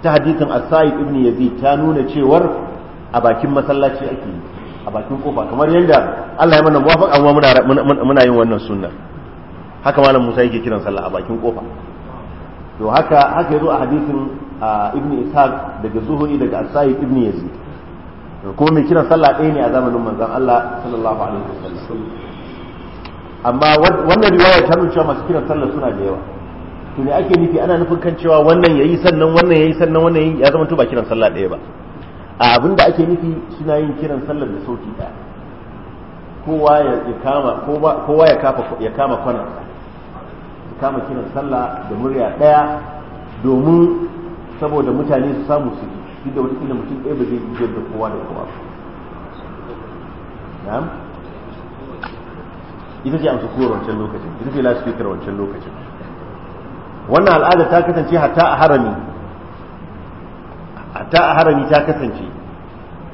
ta hadithin as-sa'id ibn yazid ta nuna cewar a bakin masallaci ake yi a bakin kofa kamar yadda Allah ya mana muwafaqa amma muna muna yin wannan sunna haka malam Musa yake kiran sallah a bakin kofa to haka haka yazo a hadisin ibn ishaq daga zuhuri daga asai ibn yazid kuma mai kiran sallah ɗaya ne a zamanin manzon Allah sallallahu alaihi wasallam amma wannan riwaya ta nuna cewa masu kiran sallah suna da yawa to ne ake nufi ana nufin kan cewa wannan yayi sannan wannan yayi sannan wannan ya zama to ba kiran sallah ɗaya ba a abin da ake nufi suna yin kiran sallar da sauti ɗaya kowa ya kama kowa ya kafa ya kama kwanarsa kama kiran sallah da murya ɗaya domin saboda mutane su samu su duk da wani mutum ɗaya ba zai yi da kowa da kowa na'am ita ce amsa kowar wancan lokacin ita ce lasfikar wancan lokacin wannan al'ada ta kasance hatta a harami hatta a harami ta kasance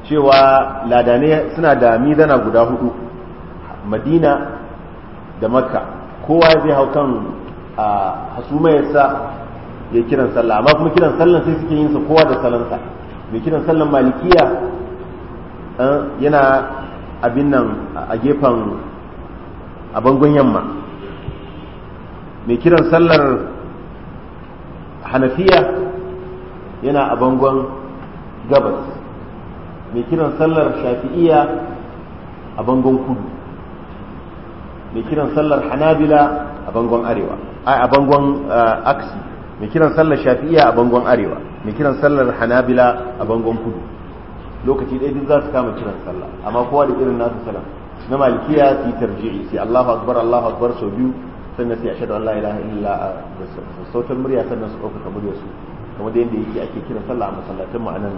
cewa ladane suna da mizana guda hudu madina da makka kowa zai hau kan a hasumayarsa ya kiran sallah amma kuma kiran sallan sai suke yin sa kowa da salansa mai kiran sallan malikiya eh, yana abin nan a gefen a bangon yamma mai kiran sallar hanafiya yana a bangon gabas mai kiran sallar shafi'iya a bangon kudu mai kiran sallar hanabila a bangon arewa a bangon aksi mai kiran sallar shafi'iya a bangon arewa mai kiran sallar hanabila a bangon kudu lokaci ɗaya duk za su kama kiran sallah amma kowa da irin nasu salam na malikiya su yi tarji'i sai allahu akbar allahu akbar sau biyu sannan sai ashhadu an la ilaha illa da sautin murya sannan su ɗauka murya su kamar da yadda yake ake kiran sallah a masallatan mu anan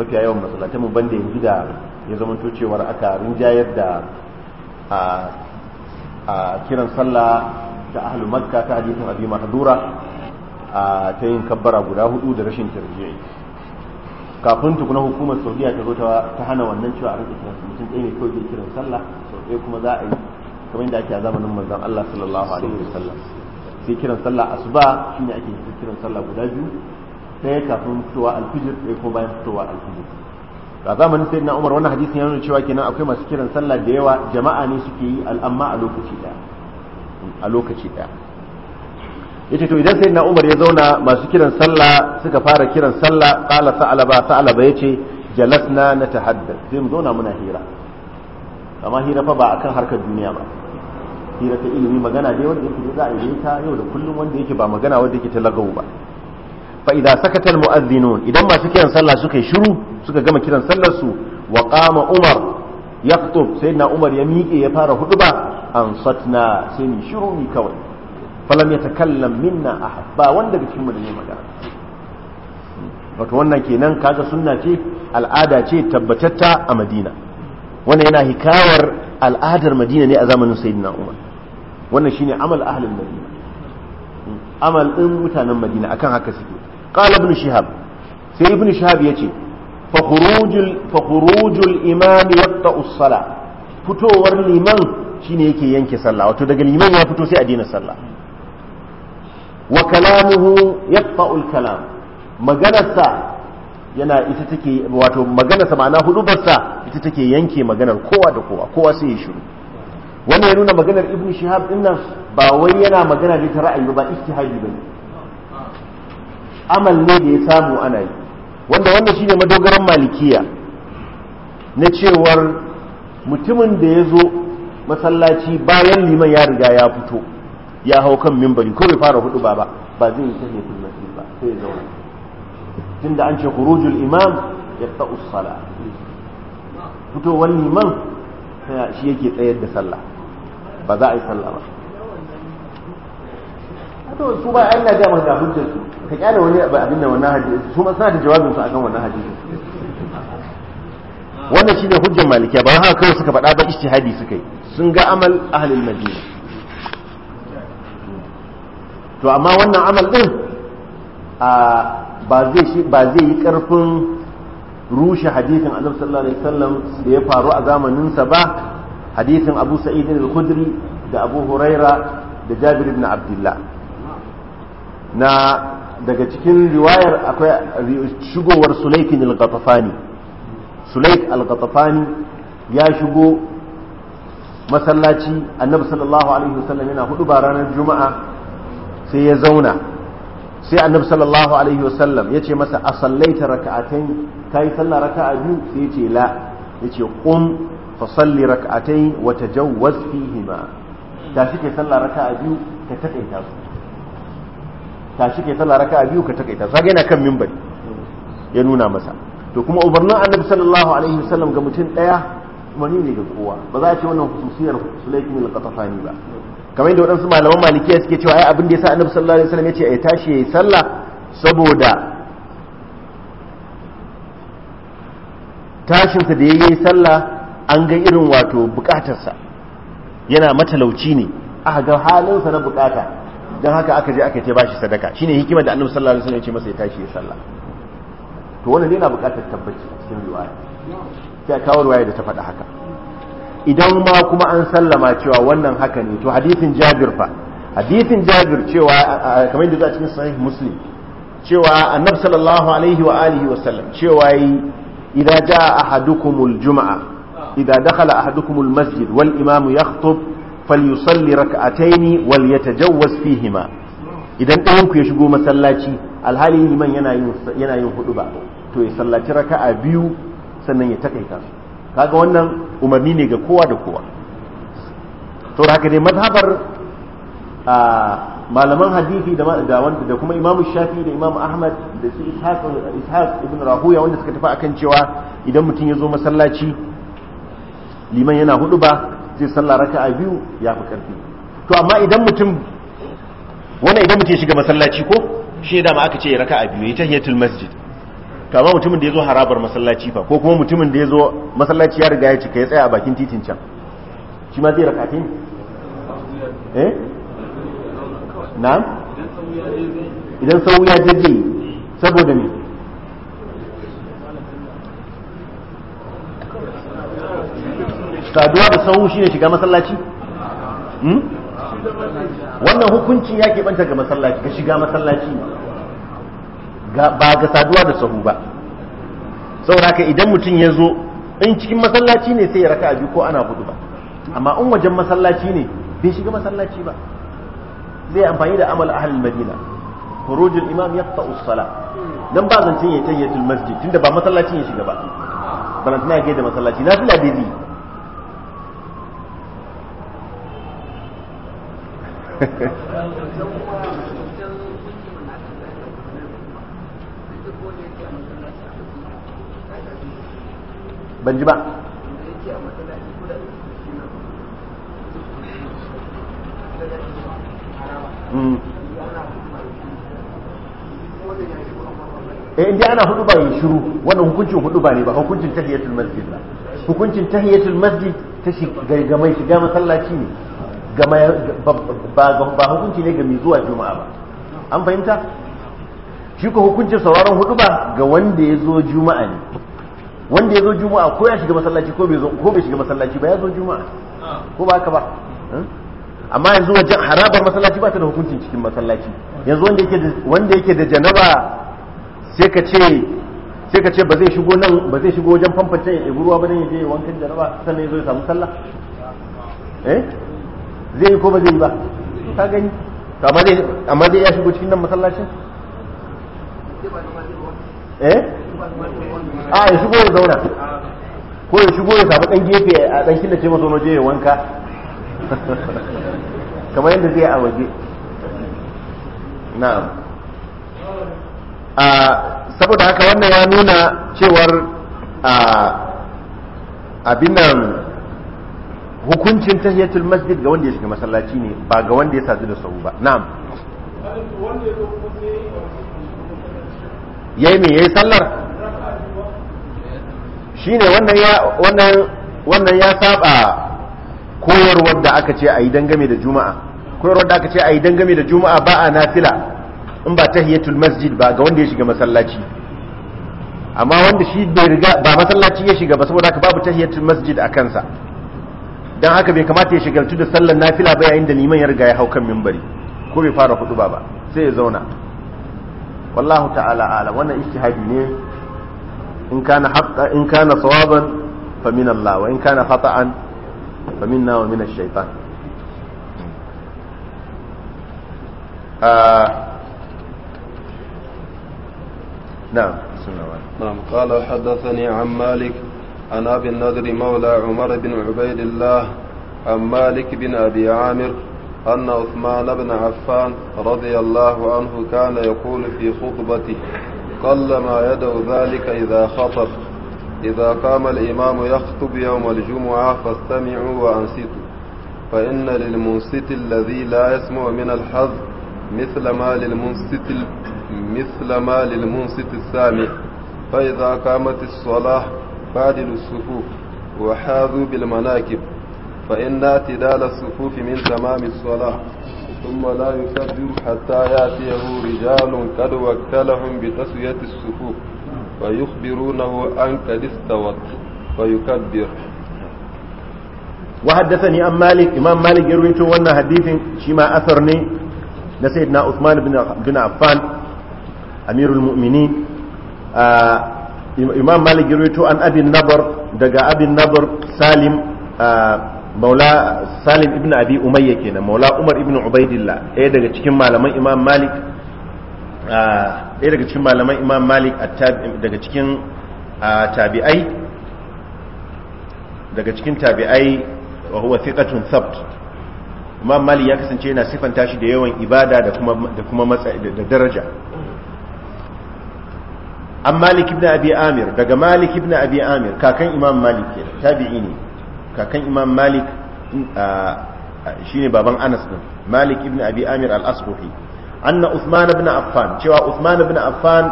mafiya yawan masallatan mu banda yanzu da ya zamanto cewar aka rinjayar da a kiran sallah ta ahlu makka ta hadisin abi mahdura a ta yin kabbara guda hudu da rashin tarjiyi kafin tukuna hukumar saudiya ta zo ta hana wannan cewa a rike kiran mutum ɗaya ne kawai zai kiran sallah sau ɗaya kuma za a yi kamar yadda ake a zamanin manzon Allah sallallahu alaihi wasallam sai kiran sallah asuba shine ake kiran sallah guda biyu ɗaya kafin fitowa alfijir ɗaya kuma bayan fitowa alfijir a zamanin sai na umar wannan hadisin ya nuna cewa kenan akwai masu kiran sallah da yawa jama'a ne suke yi al'amma a lokaci ɗaya a lokaci ɗaya yace to idan sai na umar ya zauna masu kiran sallah suka fara kiran sallah qala sa'alaba sa'alaba yace jalasna natahaddath sai mu zauna muna hira amma hira fa ba akan harkar duniya ba hira ta ilimi magana dai wanda yake za a yi ta yau da kullum wanda yake ba magana wanda yake ta ba fa idan sakata almu'azzinun idan masu kiran sallah suka yi shiru suka gama kiran sallar su wa qama umar yaqtub sayyidina umar ya miƙe ya fara huduba ansatna sai mu shiru ni kawai falam yatakallam minna ahad ba wanda cikin mu da ne magana wato wannan kenan kaga sunna ce al'ada ce tabbatatta a Madina wannan yana hikawar al'adar Madina ne a zamanin Sayyidina Umar wannan shine amal ahlul Madina amal din mutanen Madina akan haka suke qala ibn shihab sai ibn shihab yace fa khurujul fa fitowar liman shine yake yanke sallah wato daga liman ya fito sai a daina sallah wa kalamuhu yaqta'u kalam maganarsa yana ita take wato maganarsa ma'ana hudubarsa ita take yanke maganar kowa da kowa kowa sai ya shiru wannan ya nuna maganar ibnu shihab din ba wai yana magana ne ta ra'ayi ba ijtihadi ba amal ne da ya samu ana yi wanda wannan shine madogaran malikiya na cewar mutumin da ya zo masallaci bayan liman ya riga ya fito ya hau kan mimbari ko bai fara hudu ba ba ba zai yi tafiya kulmasi ba sai ya zauna tunda an ce khurujul imam ya ta'u sala fitowar liman shi yake tsayar da sallah ba za a yi sallah ba to su ba ai na ga maka hujjar su ka kyale wani abin da wannan hadisi su ma suna da jawabin su akan wannan hadisi wannan shine hujjar malikiya ba haka kawai suka faɗa ba ijtihadi suka yi sun ga amal ahalin madina to amma wannan amal din ba zai yi karfin rushe hadithin sallallahu alaihi wasallam da ya faru a zamaninsa ba hadithin abu sa'id al-khudri da abu huraira da jabir ibn abdullah na daga cikin riwayar akwai shigowar sulaikin al-ghatafani sulaik al-ghatafani ya shigo masallaci annabi sallallahu alaihi wasallam yana hudu ba ranar juma'a sai ya zauna sai annabi sallallahu alaihi wasallam ya ce masa a sallaita raka'atai ka yi sallah raka'a biyu sai ya ce la ya ce qum fa salli raka'atain wa tajawwaz ta shi ke sallah raka'a biyu ka takaita su shi ke sallah raka'a biyu ka takaita su yana kan minbari ya nuna masa to kuma ubarnin annabi sallallahu alaihi wasallam ga mutum daya mani ne ga kowa ba za a ce wannan hususiyar sulaikin al-qatafani ba kamar yadda waɗansu malaman malikiya suke cewa ai abin da yasa annabi sallallahu alaihi wasallam yace ai tashi yayi sallah saboda tashinsa da yayi sallah an ga irin wato bukatarsa yana matalauci ne aka ga halinsa na bukata don haka aka je aka ce bashi sadaka shine hikimar da annabi sallallahu alaihi wasallam ya ce masa ya tashi ya sallah to wannan ne yana bukatar tabbaci cikin riwaya sai a kawo ruwaya da ta faɗa haka idan ma kuma an sallama cewa wannan haka ne to hadisin jabir fa hadisin jabir cewa kamar yadda a cikin sahih muslim cewa annab sallallahu alaihi wa alihi wa sallam cewa yi idza jaa ahadukumul jumaa idza dakhala ahadukumul masjid wal imam yakhutub falyusalli rak'atayn wal yatajawwaz fihima idan ɗayan ku ya shigo masallaci alhali liman yana yin yana yin hudu ba to ya sallaci raka'a biyu sannan ya takaita su kaga wannan umarni ne ga kowa da kowa to haka dai mazhabar malaman hadithi da wanda da kuma imamu shafi da imamu ahmad da su ishaq ibn rahuya wanda suka tafi akan cewa idan mutum ya zo masallaci liman yana hudu ba zai sallah a biyu ya fi karfi to amma idan mutum wannan idan mutum ya shiga masallaci ko shi ya dama aka ce a biyu ya tahiyatul masjid kama mutumin da ya zo harabar masallaci fa ko kuma mutumin da ya zo masallaci ya riga ya cika ya tsaya a bakin titin can shi ma zai rakatun eh na'am idan sau ya je saboda me saduwa da sau ne shiga masallaci hmm? wannan hukunci ya keɓanta ga masallaci ga shiga masallaci ne ba ga saduwa da sahu ba saboda ka idan mutum ya zo in cikin masallaci ne sai ya raka biyu ko ana hudu ba amma in wajen masallaci ne bai shiga masallaci ba zai amfani da amal halin madina kurojin imam yaqta'u sala dan ba zancin yayi tahiyatul masjid tunda ba masallacin ya shiga ba balanta na da masallaci na fila dai ban ji ba hmm. eh inda ana hudu ba yin shiru wannan hukuncin hudu ba ne ba hukuncin tahiyatul masjid ba hukuncin tahiyatul masjid ta shiga mai shiga masallaci ne ba hukunci ne ga mai zuwa juma'a ba an fahimta shi ko hukuncin sauraron hudu ba ga wanda ya zo juma'a ne wanda ya zo juma'a ko ya shiga masallaci ko bai shiga masallaci ba ya zo juma'a ko ba haka ba hmm? amma yanzu wajen harabar masallaci ba ta da hukuncin cikin masallaci yanzu wanda yake da janaba sai ka ce ba zai shigo nan ba zai shigo wajen famfance ya ɗebi ruwa ba dan ya je wankan janaba sannan ya zo ya samu sallah eh zai yi ko ba zai yi ba ka gani amma dai ya shigo cikin nan masallacin eh a ya shigo ya zauna ko ya shigo ya sabu ɗan gefe a ɗan ce mazo waje ya wanka kamar yadda zai a waje na'am a saboda haka wannan ya nuna cewar a abin nan hukuncin tahiyatul masjid ga wanda ya shiga masallaci ne ba ga wanda ya sadu da sau ba na'am yayi me yayi sallar Shi ne wannan ya saba koyarwar da aka ce a yi dangame da juma'a koyarwar da aka ce a yi dangame da juma'a ba a nafila in ba ta hiyatul masjid ba ga wanda ya shiga masallaci amma wanda shi bai riga ba masallaci ya shiga ba saboda haka babu ta hiyatul masjid a kansa Don haka bai kamata ya shigaltu da sallar nafila ba yayin da liman ya riga ya hau kan minbari ko bai fara hudu ba ba sai ya zauna wallahu ta'ala ala wannan ishtihadi ne إن كان حقا إن كان صوابا فمن الله وإن كان خطأ فمنا ومن الشيطان آه نعم نعم قال حدثني عن مالك عن أبي النذر مولى عمر بن عبيد الله عن مالك بن أبي عامر أن عثمان بن عفان رضي الله عنه كان يقول في خطبته قل ما يدعو ذلك إذا خطب إذا قام الإمام يخطب يوم الجمعة فاستمعوا وأنصتوا فإن للمنصت الذي لا يسمع من الحظ مثل ما للمنصت مثل ما للمنصت السامع فإذا قامت الصلاة فاعدلوا الصفوف وحاذوا بالمناكب فإن اعتدال الصفوف من تمام الصلاة ثم لا يكبر حتى يأتيه رجال قد وكلهم بتسوية الصفوف فيخبرونه أن قد استوت فيكبر وحدثني أم مالك إمام مالك يرويته وانا حديث شما أثرني لسيدنا عثمان بن عفان أمير المؤمنين آه إمام مالك يرويته عن أبي النبر دقى أبي النبر سالم آه maula salim ibn abi umayya kenan maula umar ibn ubaidillah ɗaya daga cikin malaman imam malik ɗaya daga cikin malaman imam malik daga cikin tabi'ai daga cikin tabi'ai wa huwa thiqatun thabt imam malik ya kasance yana sifanta shi da yawan ibada da kuma da kuma da daraja an malik ibn abi amir daga malik ibn abi amir kakan imam malik kenan tabi'i ne kakan imam malik shine baban anas din malik ibn abi amir al-asbuhi anna uthman ibn affan cewa uthman ibn affan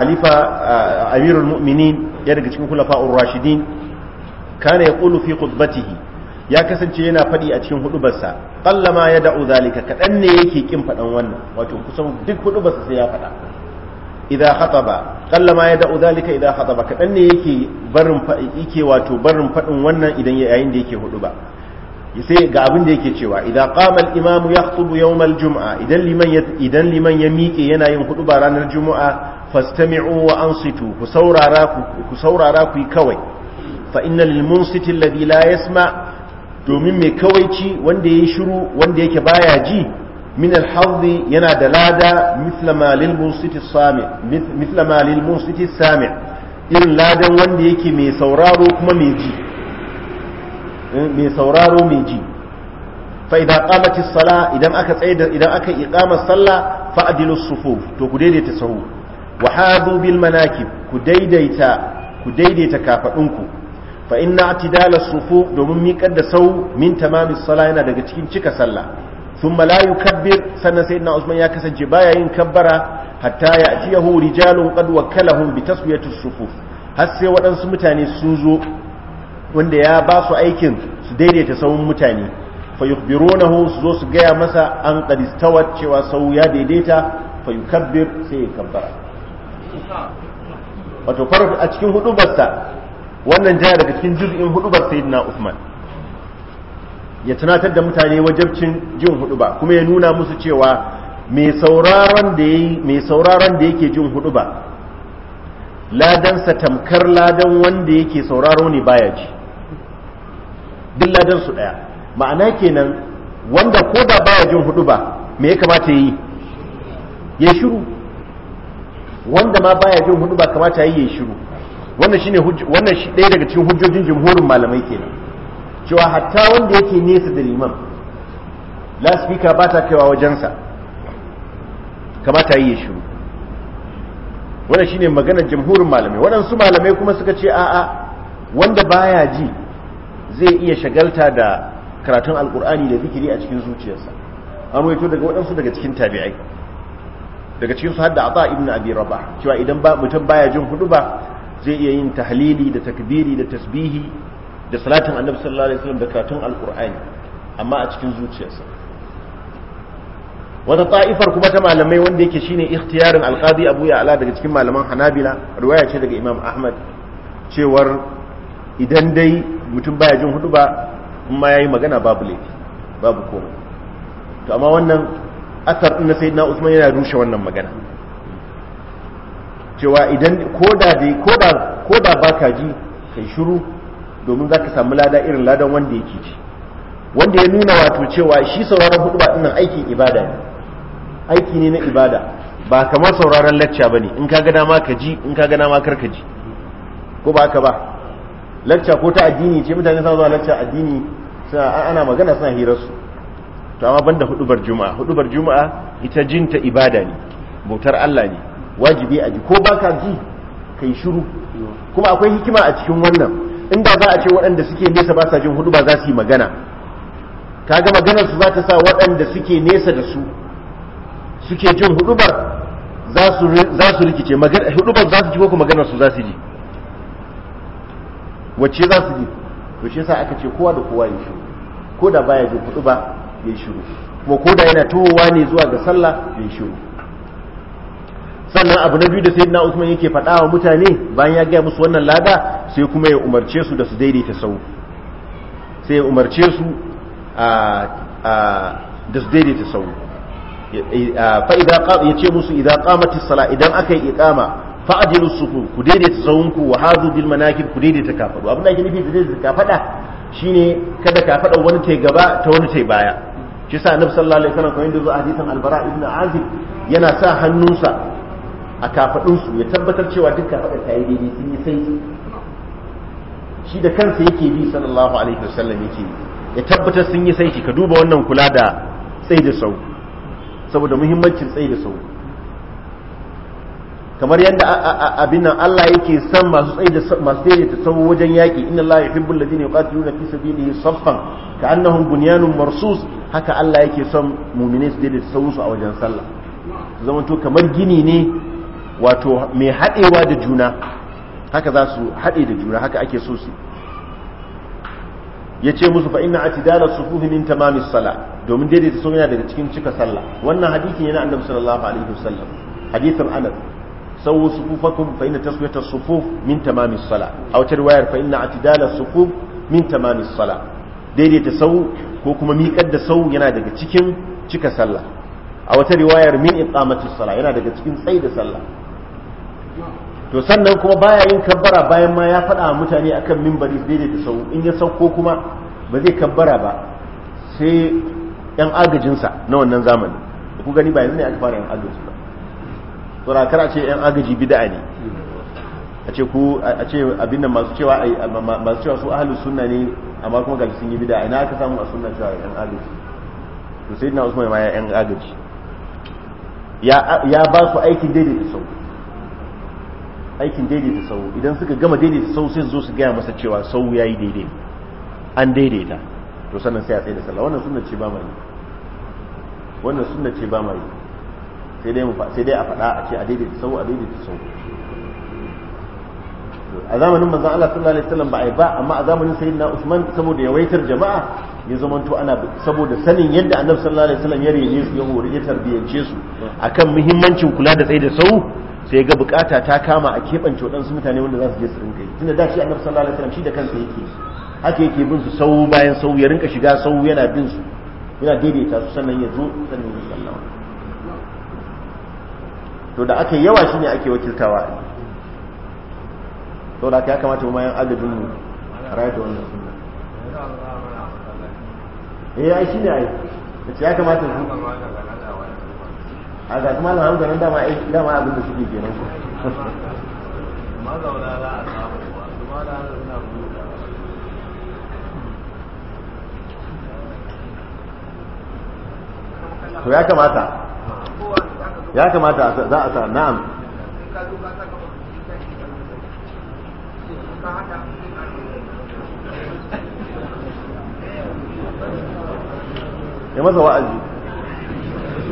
khalifa amirul mu'minin ya daga cikin khulafa'ur rashidin kana yaqulu fi khutbatihi ya kasance yana faɗi a cikin hudubarsa qallama ya da'u zalika kadan ne yake kin faɗan wannan wato kusan duk hudubarsa sai ya faɗa idza khataba ƙalla ma yad'u dhalika idza khataba kaɗan ne yake barin yake wato barin faɗin wannan idan yayin da yake hudu ba sai ga abin da yake cewa idza qama al imamu yakhutubu yawm al idan liman ya idan liman ya miƙe yana yin hudu ba ranar juma'a fastami'u wa ansitu ku saurara ku saurara ku kawai fa innal munsiti alladhi la yasma domin mai kawaici wanda yayi shiru wanda yake baya ji min alhadhi yana da lada mislama lil musiti irin ladan wanda yake mai sauraro ji eh, mai sauraro mai ji fa idan qamati idan aka tsaye idan sallah fa adilu to ku daidaita sahu wa hadu bil ku daidaita ku daidaita kafadunku fa inna atidala sufuf domin miƙar da sau min tamamis sala yana daga cikin cika sallah Sun ثم لا يكبر سنة سيدنا عثمان يكسن جبايا ينكبر حتى يأتيه رجال قد وكلهم بتسوية الصفوف هسي ودن سمتاني سنزو wanda ya ba su aikin su daidaita sauran mutane fa yukhbirunahu su zo su gaya masa an qadistawat cewa sau ya daidaita fa yukabbir ya kabbara wato farko a cikin hudubarsa wannan jaya daga cikin juz'in hudubar sayyidina Uthman ya tunatar da mutane wajabcin jin hudu ba kuma ya nuna musu cewa mai sauraron da yake jin hudu ba ladansa tamkar ladan wanda yake sauraro ne baya ji duk Ladansu daya ma'ana kenan wanda ko da baya jin hudu ba me ya kamata yi ya shiru wanda ma baya jin hudu ba kamata yi ya shiru wannan shi wannan shi daya daga cikin hujjojin jimhurin malamai kenan cewa hatta wanda yake nesa da liman laspika ba ta kaiwa wajensa kamata yi ya shiru wannan shine maganar jamhurin malamai waɗansu malamai kuma suka ce a'a wanda baya ji zai iya shagalta da karatun alkur'ani da zikiri a cikin zuciyarsa an waito daga waɗansu daga cikin tabi'ai daga cikin su hadda a ata ibni abi rabah cewa idan mutum baya jin hudu ba zai iya yin tahlili da takbiri da tasbihi da salatin annabi sallallahu alaihi wasallam da karatun alqur'ani amma a cikin zuciyarsa wata ta'ifar kuma ta malamai wanda yake shine ikhtiyarin alqadi abu ya'la daga cikin malaman hanabila riwaya ce daga imam ahmad cewar idan dai mutum baya jin hudu ba in ma yayi magana babu laifi babu komai to amma wannan asar din na sayyidina usman yana rushe wannan magana cewa idan koda dai koda koda baka ji kai shiru domin za ka samu lada irin ladan wanda yake ci wanda ya nuna wato cewa shi sauraron hudu ba dinnan aikin ibada ne aiki ne na ibada ba kamar sauraron lacca ba ne in ka gana ma ka ji in ka gana ma kar ka ji ko ba haka ba lacca ko ta addini ce mutane suna zuwa lacca addini ana magana suna hirarsu to amma banda hudubar juma'a hudubar juma'a ita jinta ibada ne bautar Allah ne wajibi a ji ko baka ji kai shiru kuma akwai hikima a cikin wannan inda za a ce waɗanda suke nesa ba sa jin hudu ba za su yi magana kaga maganar su za ta sa waɗanda suke nesa da su suke jin hudubar za su rikice hudubar za su ji ko maganar su za su ji wacce za su ji to shi yasa aka ce kowa da kowa ya shiru ko da baya jin hudu ba ya shiru kuma ko da yana tohowa ne zuwa ga sallah ya shiru sannan abu na biyu da sayyidina Usman yake faɗa wa mutane bayan ya gaya musu wannan lada sai kuma ya umarce su da su daidaita sau sai ya umarce su da su daidaita sau ya ce musu idan kamati sala idan aka yi ikama fa'adilu su ku daidaita sauunku wa hazu bil manakib ku daidaita kafadu abin da ake nufi da daidaita kafada shine kada kafada wani yi gaba ta wani yi baya shi sa annabi sallallahu alaihi wasallam kamar yadda zuwa hadisan albara ibn azib yana sa hannunsa a kafadunsu ya tabbatar cewa duk kafada ta yi daidai sun yi sai shi da kansa yake bi sallallahu alaihi wasallam yake ya tabbatar sun yi saiti ka duba wannan kula da tsayi da sau saboda muhimmancin tsayi da sau kamar yadda abin nan Allah yake san masu tsayi da masu daidaita sau wajen yaki inna Allah yuhibbul ladina yuqatiluna fi sabilihi saffan ka'annahum bunyanun marsus haka Allah yake son mu'mini su daidaita sau su a wajen sallah zamanto kamar gini ne wato mai haɗewa da juna haka za su haɗe da juna haka ake so su ya ce musu fa inna atidalar sufufi min tamamis sala domin daidaita so yana daga cikin cika sallah wannan hadisin yana annabi sallallahu alaihi wasallam hadithin anas sawu sufufakum fa inna taswiyata sufuf min tamamis sala a wata riwayar fa inna atidalar sufuf min tamamis sala daidaita sau ko kuma miƙar da sau yana daga cikin cika sallah a wata riwayar min iqamatis sala yana daga cikin tsayi da sallah to sannan kuma baya yin kabbara bayan ma ya faɗa mutane akan mimbari daidai da sau in ya sauko kuma ba zai kabbara ba sai yan agajinsa na wannan zamani ku gani ba yanzu ne aka fara yan agaji ba turakar a ce yan agaji bida ne a ce ku a ce abin nan masu cewa masu cewa su ahalus sunna ne amma kuma ga sun yi bida ina aka samu a sunna cewa yan agaji to na usman ma ya yan agaji ya ba su aikin daidai da sau aikin daidaita sau idan suka gama daidaita sau sai su zo su gaya masa cewa sau ya yi daidai an daidaita to sannan sai a tsaye da sallah wannan sunna ce ba mai wannan sunna ce ba mai sai dai sai dai a faɗa a ce a daidaita sau a daidaita sau a zamanin manzon Allah sallallahu alaihi wasallam ba ai ba amma a zamanin sayyidina Usman saboda yawaitar jama'a ya zama to ana saboda sanin yadda Annabi sallallahu alaihi wasallam ya rene su ya hore ya tarbiyance su akan muhimmancin kula da tsaye da sau sai ga bukata ta kama a keɓance waɗansu mutane wanda za su je su rinka yi tunda da shi annabi sallallahu alaihi wasallam shi da kansa yake haka yake bin su sau bayan sau ya rinka shiga sau yana bin su yana daidaita su sannan ya zo sannan ya sallama to da aka yawa shine ake wakiltawa to da ya kamata mu yan agajin mu rayu da wannan sunna eh ai shine ai ya kamata mu a ga kuma malaman garin dama aiki dama abin da suke kenan ku to ya kamata ya kamata za a sa na'am ya masa wa'azi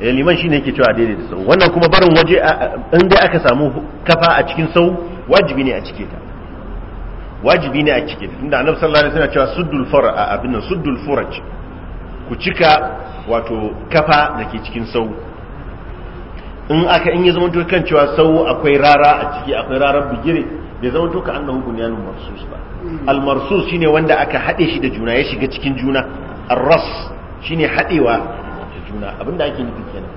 eh liman shine yake cewa daidai da sau wannan kuma barin waje in dai aka samu kafa a cikin sau wajibi ne a cike ta wajibi ne a cike ta tunda annabi sallallahu alaihi wasallam cewa suddul fura a abin nan suddul furaj ku cika wato kafa da ke cikin sau in aka in ya to kan cewa sau akwai rara a ciki akwai rarar bigire bai to ka annahu bunyanun marsus ba mm. al marsus shine wanda aka hade shi da juna ya shiga cikin juna ar-ras shine hadewa juna abinda ake nufi kenan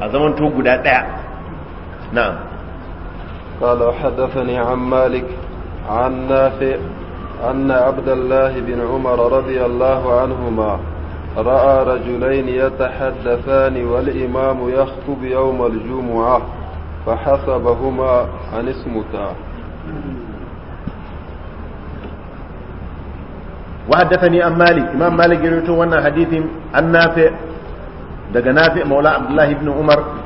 a zaman to guda daya na'am قال حدثني عن مالك عن نافع أن عبد الله بن عمر رضي الله عنهما رأى رجلين يتحدثان والإمام يخطب يوم الجمعة فحسبهما عن اسمك وحدثني عن مالك إمام مالك يروي وانا حديث عن نافع daga nafi maula abdullahi ibn umar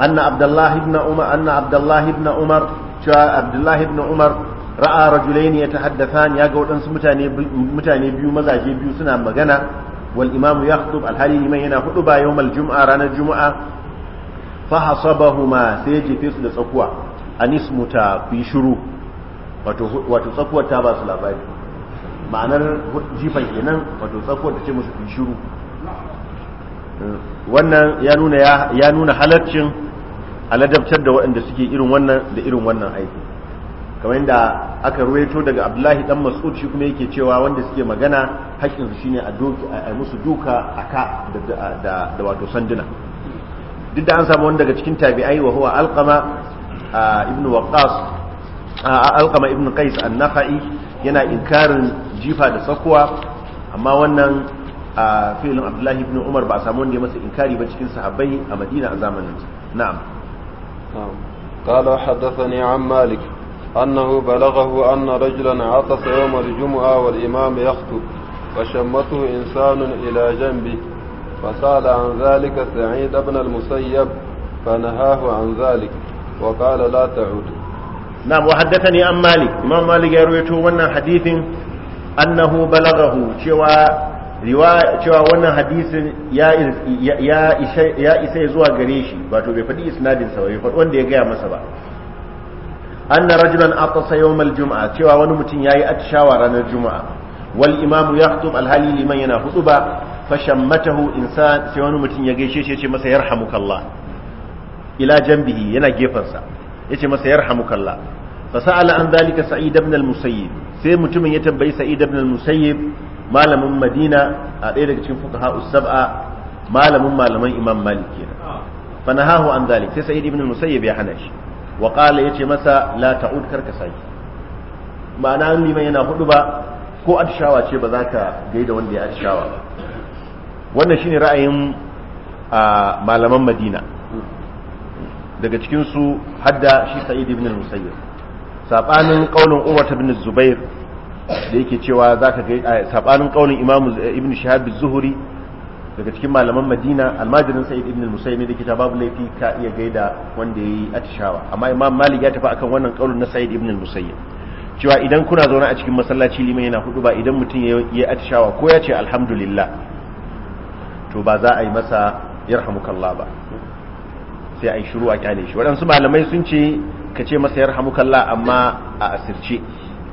anna abdullahi ibn umar anna abdullahi ibn umar cewa abdullahi ibn umar ra'a rajulaini yatahaddathan ya ga wadansu mutane mutane biyu mazaje biyu suna magana wal'imamu imam ya khutub alhali liman yana hudu ba yawmal jumu'a ranar jumu'a fa hasabahuma sai jefe da tsakuwa anis muta ku shiru wato wato tsakuwar ta ba su labari ma'anar jifan kenan wato tsakko da ce musu fi wannan ya nuna ya nuna halaccin aladabtar da waɗanda suke irin wannan da irin wannan aiki kamar yadda aka ruwaito daga abdullahi dan mas'ud shi kuma yake cewa wanda suke magana haƙƙin su shine a doki a musu duka aka da da wato sanduna duk da an samu wani daga cikin tabi'ai wa huwa alqama ibnu waqqas alqama ibnu qais an-nakhai yana inkarin jifa da tsakuwa amma wannan a filin abdullahi ibn umar ba a samu wanda ya masa inkari ba cikin sahabbai a madina a zamanin na'am نعم. قال حدثني عن مالك أنه بلغه أن رجلا عطس يوم الجمعة والإمام يخطب فشمته إنسان إلى جنبه فسأل عن ذلك سعيد بن المسيب فنهاه عن ذلك وقال لا تعود نعم وحدثني عن مالك إمام مالك يرويته وانا حديث annahu balagahu cewa cewa wannan hadisin ya ya isa zuwa gare shi wato bai faɗi isnadin sa bai faɗi wanda ya gaya masa ba anna rajulan atasa yawmal jum'a cewa wani mutum yayi atishawa ranar juma'a wal imam yakhutub alhali liman yana hutuba fashammatahu insan sai wani mutum ya gaishe shi ya ce masa yarhamukallah ila janbihi yana gefansa ya ce masa yarhamukallah fasa'ala an zalika sa'id ibn al-musayyib sai mutumin ya tambayi sa'id ibn al-musayyib malamin madina a ɗaya daga cikin fuqaha sab'a malamin malaman imam malik kenan fanahahu an zalik sai sa'id ibn al ya hana shi Wakala ya ce masa la ta'ud karka saki ma'ana liman yana hudu ba ko atishawa ce ba za ka gaida wanda ya atishawa ba wannan shine ra'ayin malaman madina daga cikinsu hadda shi sa'id ibn al sabanin kaulin Umar ibn Zubair da yake cewa zaka ga eh, sabanin kaulin Imam eh, Ibn Shihab az daga cikin malaman Madina almajirin Sa'id ibn al da kitab babu laifi ka iya gaida wanda yayi atishawa amma Imam Malik ya tafi akan wannan kaulin na Sa'id ibn cewa idan kuna zaune a cikin masallaci liman yana hudu ba idan mutum yayi atishawa ko ya ce alhamdulillah to ba za a yi masa yarhamukallah ba sai a yi shiru a kyale shi waɗansu malamai sun ce ka ce masa yarhamukallah amma a asirce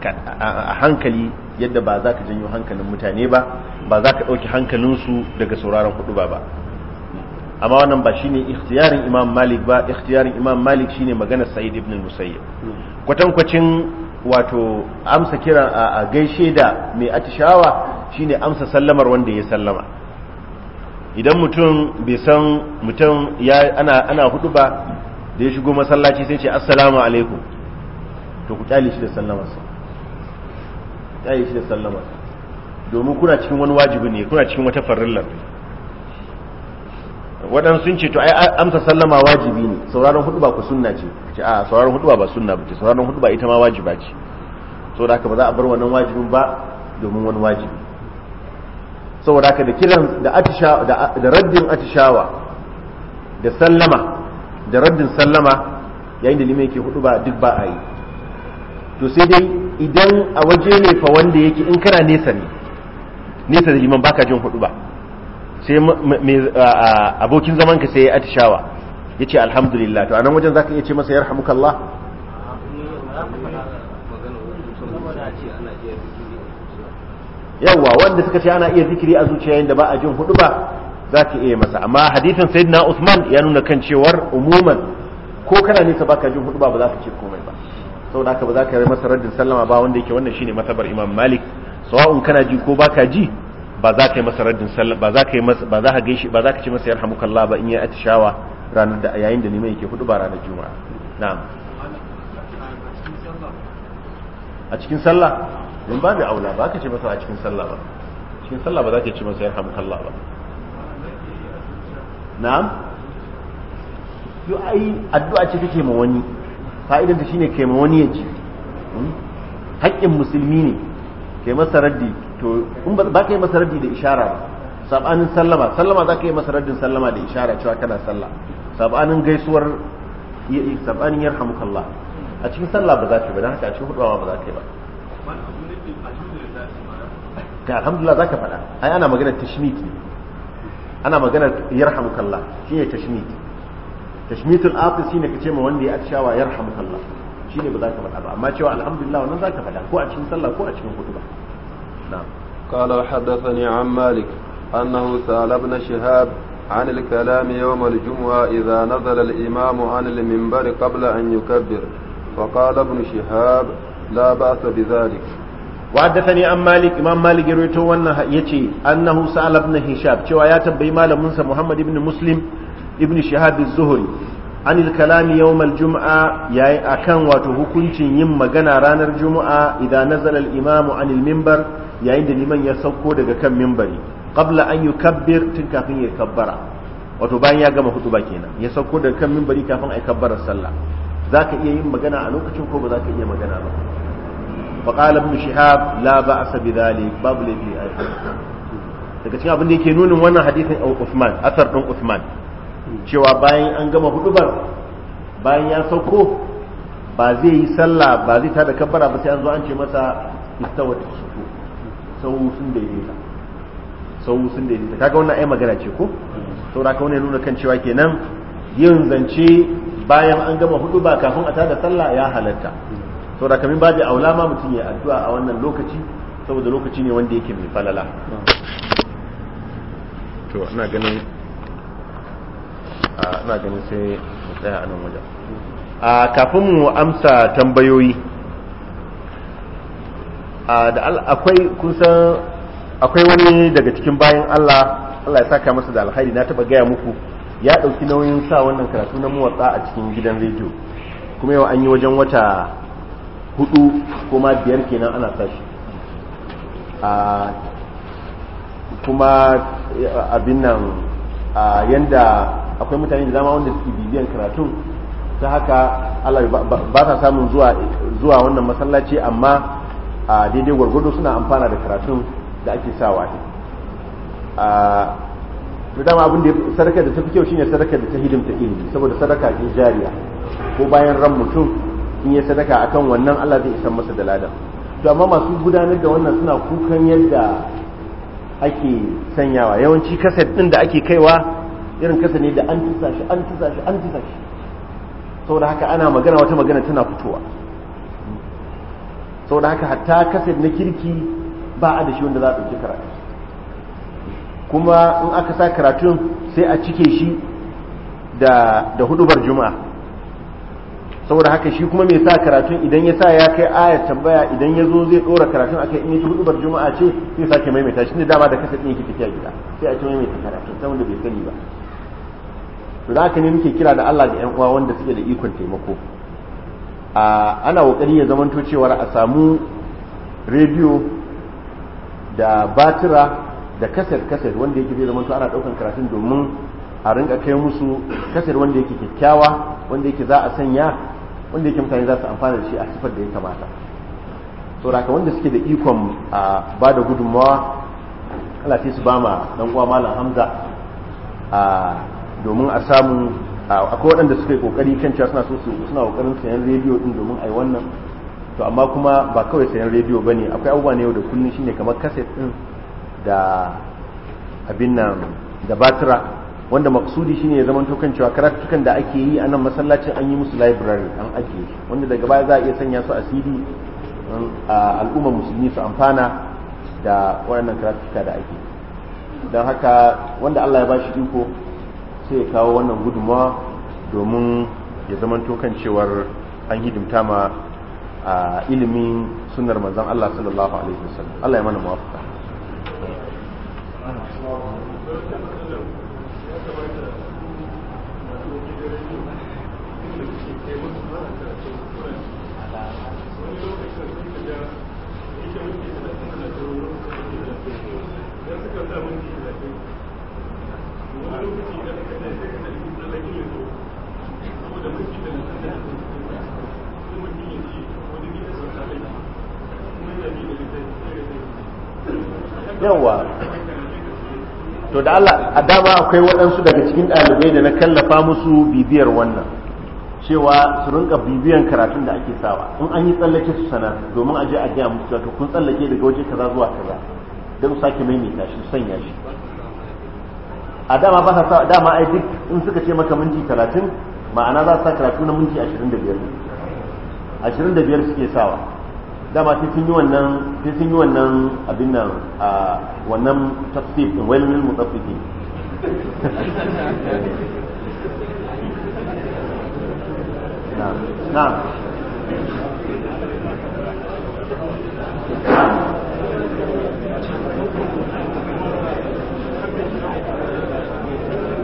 a hankali yadda ba za ka janyo hankalin mutane ba ba za ka ɗauki hankalinsu daga sauraron hudu ba ba amma wannan ba shine ikhtiyarin imam malik ba ikhtiyarin imam malik shine magana sa'id ibn musayyib kwatankwacin wato amsa kira a gaishe da mai atishawa shine amsa sallamar wanda ya sallama idan mutum bai san mutum ya ana ana hudu ba da ya shigo masallaci sai ce assalamu alaikum to ku kyale shi da sallamarsa kyale shi da sallamarsa domin kuna cikin wani wajibi ne kuna cikin wata farillar waɗansu sun ce to ai amsa sallama wajibi ne sauraron hudu ba ku sunna ce ce a sauraron hudu ba sunna ba ce sauraron hudu ba ita ma wajiba ce saboda haka ba za a bar wannan wajibin ba domin wani wajibi saboda haka da kiran da atisha da raddin atishawa da sallama da raddin sallama yayin da lima yake hudu ba duk ba a yi to sai dai idan a waje ne fa wanda yake in kana nesa ne nesa da liman baka jin hudu ba sai abokin zaman ka sai ya atishawa ya ce alhamdulillah to a nan wajen zaka iya ce masa yarhamukallah yawwa wanda suka ce ana iya zikiri a zuciya da ba a jin hudu ba za ka iya masa amma hadithin sayyidina Usman ya nuna kan cewar umuman ko kana nisa baka jin hudu ba ba za ka ce komai ba saboda haka ba za ka yi masa raddin sallama ba wanda yake wannan shine matabar Imam Malik sawa'un kana ji ko baka ji ba za ka yi masa raddin sallama ba za ka yi masa ba za ka gaishe ba za ka ce masa yarhamukallah ba in ya atishawa ranar da yayin da neman yake hudu ba ranar juma'a na'am a cikin sallah in babu aula ba ka ce masa a cikin sallah ba cikin sallah ba za ka ce masa yarhamukallah ba na'am yo ai addu'a ce kake ma wani fa'idan ta shine kai ma wani ya ji hmm? haƙƙin musulmi ne kai masa raddi to in ba ka yi masa raddi da ishara ba sabanin sallama sallama za ka yi masa raddin sallama da ishara cewa kana sallah sabanin gaisuwar sabanin yarhamukallah a cikin sallah ba za ka ba dan haka a cikin hudawa ba za ka yi ba ga alhamdulillah za ka faɗa ai ana magana tashmit ne ana maganar yarhamukallah shine tashmit tashmitul atis shine kace ma wanda ya atshawa yarhamukallah shine ba za ka faɗa ba amma cewa alhamdulillah wannan za ka faɗa ko a cikin sallah ko a cikin hutuba na'am qala hadathani an malik annahu sa'ala ibn shihab عن الكلام يوم الجمعة إذا نزل الإمام عن المنبر قبل أن يكبر فقال ابن شهاب لا بأس بذلك وحدثني ne مالك Malik ya يرويته wannan يتي annahu سال ابن هشام cewa ya tambayi malaminsa Muhammad ibn Muslim ibn Shihab az-Zuhri an al-kalam yawm al yayi akan wato hukuncin yin magana ranar juma'a idan nazala al-imam an al-minbar yayin da liman ya sauko daga kan minbari qabla an yukabbir tun kafin ya kabbara wato bayan ya gama hutuba kenan ya sauko daga kan minbari kafin ai kabbarar sallah zaka iya yin magana a lokacin ko ba zaka iya magana ba فقال ابن شهاب لا بأس بذلك باب لي في daga cikin abin da yake nunin wannan hadisin Uthman asar din Uthman cewa bayan an gama hudubar bayan ya sauko ba zai yi sallah ba zai tada kabbara ba sai an zo an ce masa istawat sufu sau sun da yi sau sun da yi ta kaga wannan ai magana ce ko saboda ka wannan nuna kan cewa kenan yin zance bayan an gama hudu ba kafin a tada sallah ya halatta saboda kamin babu aula ma mutum ya addu'a a wannan lokaci saboda lokaci ne wanda yake mai falala to ina ganin ina ganin sai mu tsaya a nan wajen a kafin mu amsa tambayoyi da akwai kusan akwai wani daga cikin bayan Allah Allah ya saka masa da alhairi na taba gaya muku ya ɗauki nauyin sa wannan karatu na muwatsa a cikin gidan rediyo kuma yau an yi wajen wata hudu kuma biyar kenan ana tashi a kuma eh, abin nan a yanda akwai mutane da dama wanda suke bibiyan karatun ta haka Allah ba ta samun zuwa wannan masallaci amma daidai gwargwado suna amfana da karatun da ake sawa ne a dama abin da sadaka da ta fi kyau shine sadaka da ta hidimta ilimi saboda sadaka ce jariya ko bayan ran mutum in ya sadaka akan wannan Allah zai isan masa da ladan to amma masu gudanar da wannan suna kukan yadda ake sanyawa yawanci kaset ɗin da ake kaiwa irin kasa ne da an tusa shi an tusa shi an tusa shi saboda haka ana magana wata magana tana fitowa saboda haka hatta kaset na kirki ba a da shi wanda za a ɗauki karatu kuma in aka sa karatun sai a cike shi da hudubar juma'a saboda haka shi kuma mai sa karatun idan ya sa ya kai ayar tambaya idan ya zo zai dora karatun akai in yi hudubar juma'a ce sai sake maimaita shi ne dama da kasa ɗin yake tafiya gida sai a ce maimaita karatun saboda bai sani ba to da haka ne muke kira da Allah da yan uwa wanda suke da ikon taimako a ana kokari ya zamanto cewa a samu rediyo da batira da kaset kaset wanda yake zai zamanto ana daukan karatun domin a rinka kai musu kasar wanda yake kyakkyawa wanda yake za a sanya wanda yake mutane za su amfana da shi a sifar da ya kamata sauraka wanda suke da ikon a ba da gudunmawa Allah sai su ba ma dan uwa malam Hamza a domin a samu akwai waɗanda suka yi kokari kan cewa suna so suna kokarin sayan rediyo din domin a yi wannan to amma kuma ba kawai sayan rediyo ne akwai abubuwa na yau da kullun shine kamar kaset din da abin nan da batira wanda maksudi shine ya zama tokan cewa karatukan da ake yi a nan masallacin an yi musu library an ake wanda daga baya za a iya sanya su a cd um, a al'ummar musulmi su amfana da waɗannan karatuka da ake don haka wanda allah ya ba shi iko sai ya kawo wannan gudunmawa domin ya zama tokan cewar an hidimta ma a ilimin sunar manzon allah sallallahu alaihi wasallam allah ya mana muwafaqa yawa to da Allah a dama akwai waɗansu daga cikin ɗalibai da na kallafa musu bibiyar wannan cewa su rinka bibiyan karatun da ake sawa in an yi tsallake su sana domin a je a gaya musu to kun tsallake daga waje kaza zuwa kaza don sake maimaita shi sanya shi a dama ba sa dama ai duk in suka ce maka minti talatin ma'ana za su sa karatu na minti ashirin da biyar ashirin da biyar suke sawa dama sai sun yi wannan sai sun yi wannan abin nan a wannan tafsir din wailul mutaffifin na'am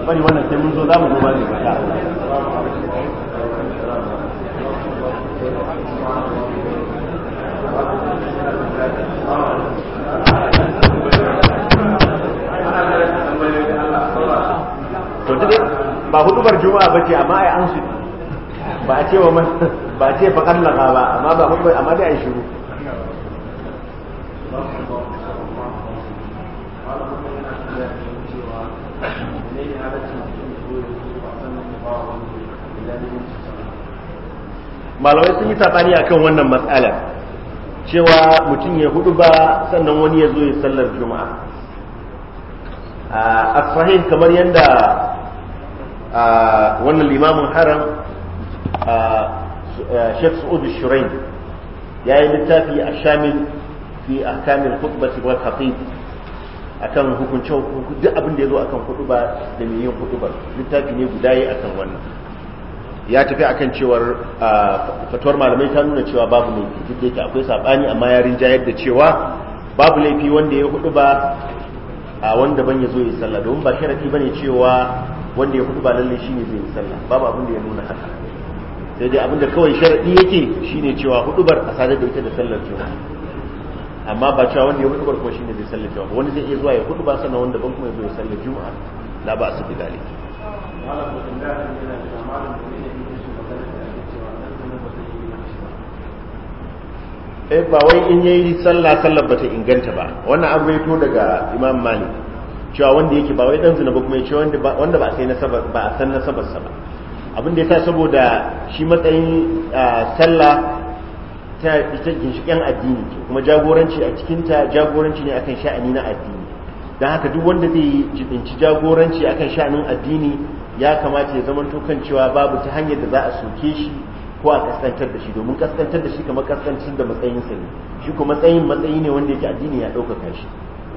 bari wannan sai mun zo za mu zo ba ne ba ta dai ba hudubar juma'a ba ce amma ai an shi ba a ce ba ce fa kallaka ba amma ba mun amma dai ai shiru malamai sun yi a kan wannan matsala cewa mutum ya hudu ba sannan wani ya zo ya sallar juma'a a sahih kamar yadda wannan limamin haram Sheikh Su'ud الشرين ya yi littafi a أحكام الخطبة والخطيب khutbati akan hukuncin duk abin da ya zo akan huduba da mai yin hudubar littafi ne guda yi akan wannan ya tafi akan cewar fatuwar malamai ta nuna cewa babu laifi duk da yake akwai sabani amma ya rinjayar da cewa babu laifi wanda ya huduba a wanda ban ya zo ya sallah domin ba sharadi bane cewa wanda ya huduba lalle shine zai yi sallah babu abin da ya nuna haka sai dai abinda kawai sharaɗi yake shine cewa hudubar a sadar da ita da sallar juma'a amma ba cewa wanda ya hudubar kuma shine zai sallar juma'a wani zai iya zuwa ya huduba sannan wanda ban kuma ya zo ya sallar juma'a na ba su bi dalili eh ba wai in yayi sallah sallar bata inganta ba wannan ya to daga Imam Malik cewa wanda yake ba wai dan zina ba kuma ya ce wanda ba sai nasabar ba a san na sa ba abin da ya sa saboda shi matsayin sallah ta ita ginshiƙen addini kuma jagoranci a cikinta jagoranci ne akan sha'ani na addini Dan haka duk wanda zai jibinci jagoranci akan sha'anin addini ya kamata ya zamanto kan cewa babu ta hanyar da za a soke shi ko a kaskantar da shi domin kaskantar da shi kamar kaskancin da matsayin sa ne shi kuma matsayin matsayi ne wanda yake addini ya ɗaukaka shi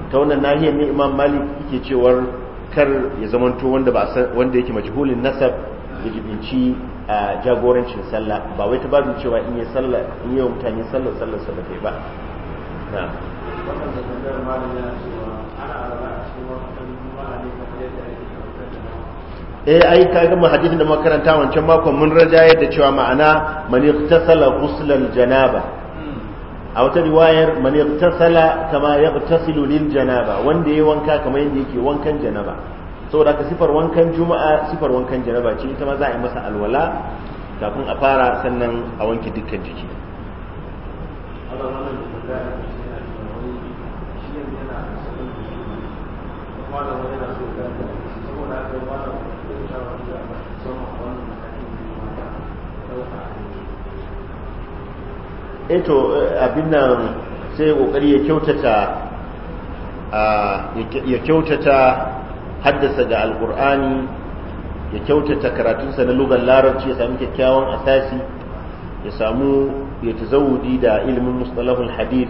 ta wannan nahiyar ne imam malik yake cewar kar ya zamanto wanda ba wanda yake majhulin nasab ya a jagorancin sallah ba wai ta babin cewa in yi sallah in yi mutane sallah sallah sallah kai ba na eh ai ka ga hadisin da makaranta wancan makon mun raja yadda cewa ma'ana man ightasala ghuslan janaba hmm. a wata riwayar man ightasala kama yaghtasilu lil janaba wanda yayi wanka kamar yadda yake wankan janaba saboda ka sifar wankan juma'a sifar wankan janaba ce ita ma za a yi masa alwala kafin a fara sannan a wanke dukkan jiki eto eh eh, abin nan sai kokari ya kyautata ah, ya kyautata haddasa ga alkur'ani ya kyautata karatunsa na lugar larabci ya sami kyakkyawan asasi ya samu ya tazawudi da ilimin mustalahul hadith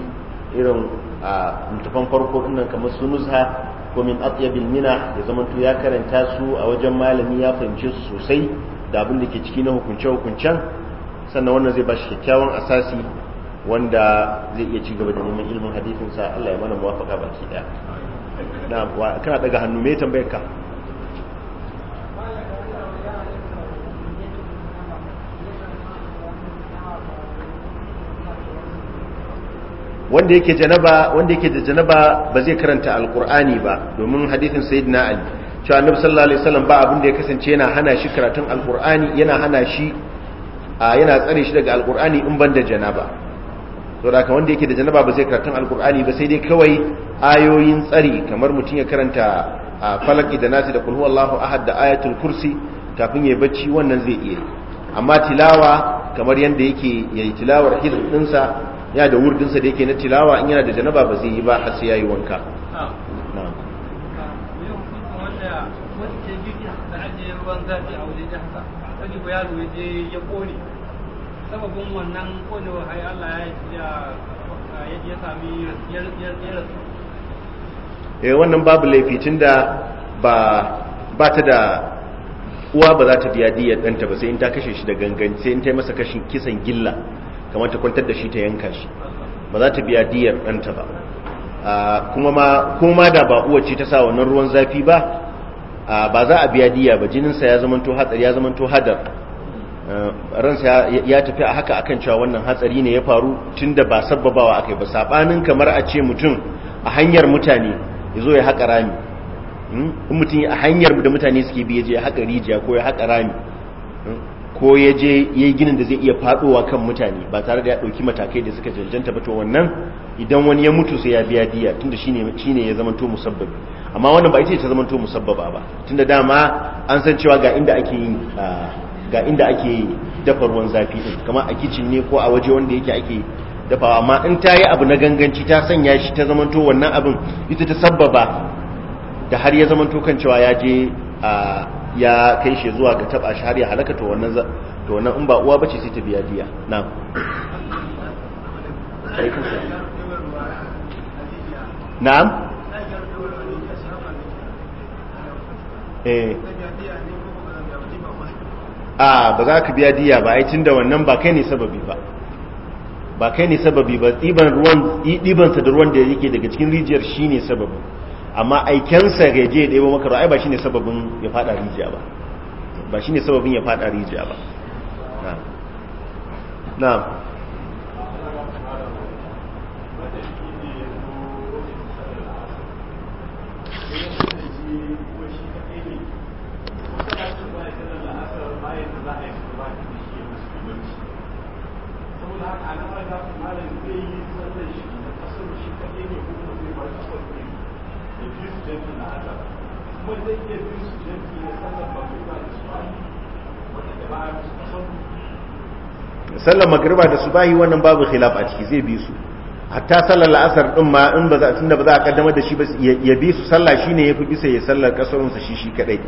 irin a mutafan farko dinnan kamar su nusha ko min atyabil mina ya zamanto ya karanta su a wajen malami ya fahimce su sosai da abin da ke ciki na hukunce-hukuncen sannan wannan zai ba shi kyakkyawan asasi wanda zai iya ci gaba da neman ilimin hadisinsa Allah ya mana muwafaka baki daya kana daga hannu me tambayar ka wanda yake janaba wanda yake da janaba ba zai karanta alqur'ani ba domin hadithin sayyidina ali cewa annabi sallallahu alaihi wasallam ba abin da ya kasance yana hana shi karatun alqur'ani yana hana shi yana tsare shi daga alqur'ani in ban da janaba saboda ka wanda yake da janaba ba zai karatun alkur'ani ba sai dai kawai ayoyin tsari kamar mutum ya karanta a falaki da nasi da kulhu Allahu ahad da ayatul kursi kafin ya bacci wannan zai iya amma tilawa kamar yanda yake yayi tilawar hizb dinsa ya da wurdinsa da yake na tilawa in yana da janaba ba zai yi ba har sai yayi wanka ya ya sababin wannan kone wahayi Allah ya sami ya rasu eh wannan babu laifi tunda ba ba ta da uwa ba za ta biya diyar ɗanta ba sai in ta kashe shi da gangan sai in ta yi masa kashin kisan gilla kamar ta kwantar da shi ta yanka shi ba za ta biya diyar ɗanta ba ah, kuma ma kuma da ba uwa ce ta sa wannan ruwan zafi ba ah, ba za a biya diya ba jininsa ya zamanto hatsari ya zamanto hadar Eh, ransa ya tafi a haka akan cewa wannan hatsari ne ya faru tunda ba sabbabawa akai ba sabanin kamar a ce mutum a hanyar mutane yazo ya haka rami hmm? in mutum a hanyar da mutane suke bi yaje ya haka rijiya ko ya haka rami hmm? ko ya yayi ginin da zai iya fadowa kan mutane ba tare da ya dauki matakai da suka janjanta ba to wannan idan wani ya mutu sai ya biya diya tunda shine shine ya zamanto musabbabi amma wannan ba ita ce ta zamanto musabbaba ba tunda dama an san cewa ga inda ake yin ah, ga inda ake dafa ruwan zafi din kamar a kitchen ne ko a waje wanda yake ake dafawa amma in ta yi abu na ganganci ta sanya shi ta zamanto wannan abin ita ta sabbaba da har ya zamanto kan cewa ya je ya kai shi zuwa ga taba shi har ya halaka to wannan to wannan in ba uwa bace sai ta biya diya na'am na'am eh a ba za ka biya diya ba ai tunda wannan ba kai ne sababi ba ba kai ne sababi ba ɗiban ruwan ɗibansa da ruwan da yake daga cikin rijiyar shi ne sababi amma aikensa ga je da yabo maka ai ba shi ne sababin ya fada rijiya ba ba shi ne sababin ya fada rijiya ba na na'am sallar magriba da su bayi wannan babu khilaf a ciki zai bi su hatta sallar la'asar din ma in ba za a tunda ba za a kaddamar da shi ba ya bi su sallah shine fi bisa ya sallar kasarunsa shi shi kadai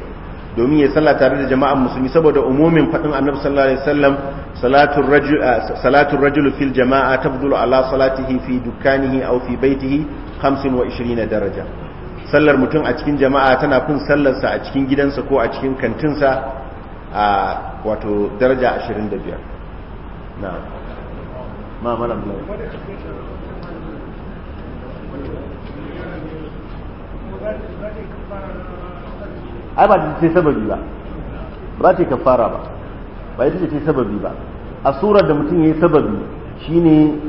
domin ya salla tare da jama'an musulmi saboda umumin faɗin annabi sallallahu alaihi wasallam salatul rajul salatul rajul fil jama'a tabdulu ala salatihi fi dukanihi aw fi baitihi 25 daraja sallar mutum a cikin jama'a tana fin sallarsa a cikin gidansa ko a cikin kantinsa a wato daraja 25 na'am ma malam Thank you. ai ba ta ce sababi ba ba ta kafara ba ba ita ce sababi ba a surar da mutum ya yi sababi shine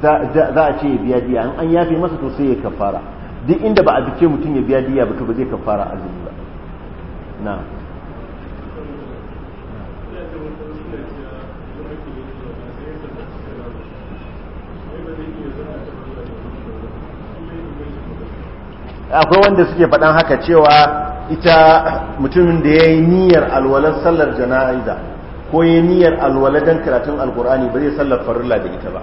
za a ce ya biya diya in an yafe masa to sai ya kafara duk inda ba a bice mutum ya biya diya ba ba zai kafara azumi ba na akwai wanda suke faɗan haka cewa ita mutumin da ya yi niyyar alwalar sallar jana'iza ko ya yi niyyar alwalar don karatun alkur'ani ba zai sallar farilla da ita ba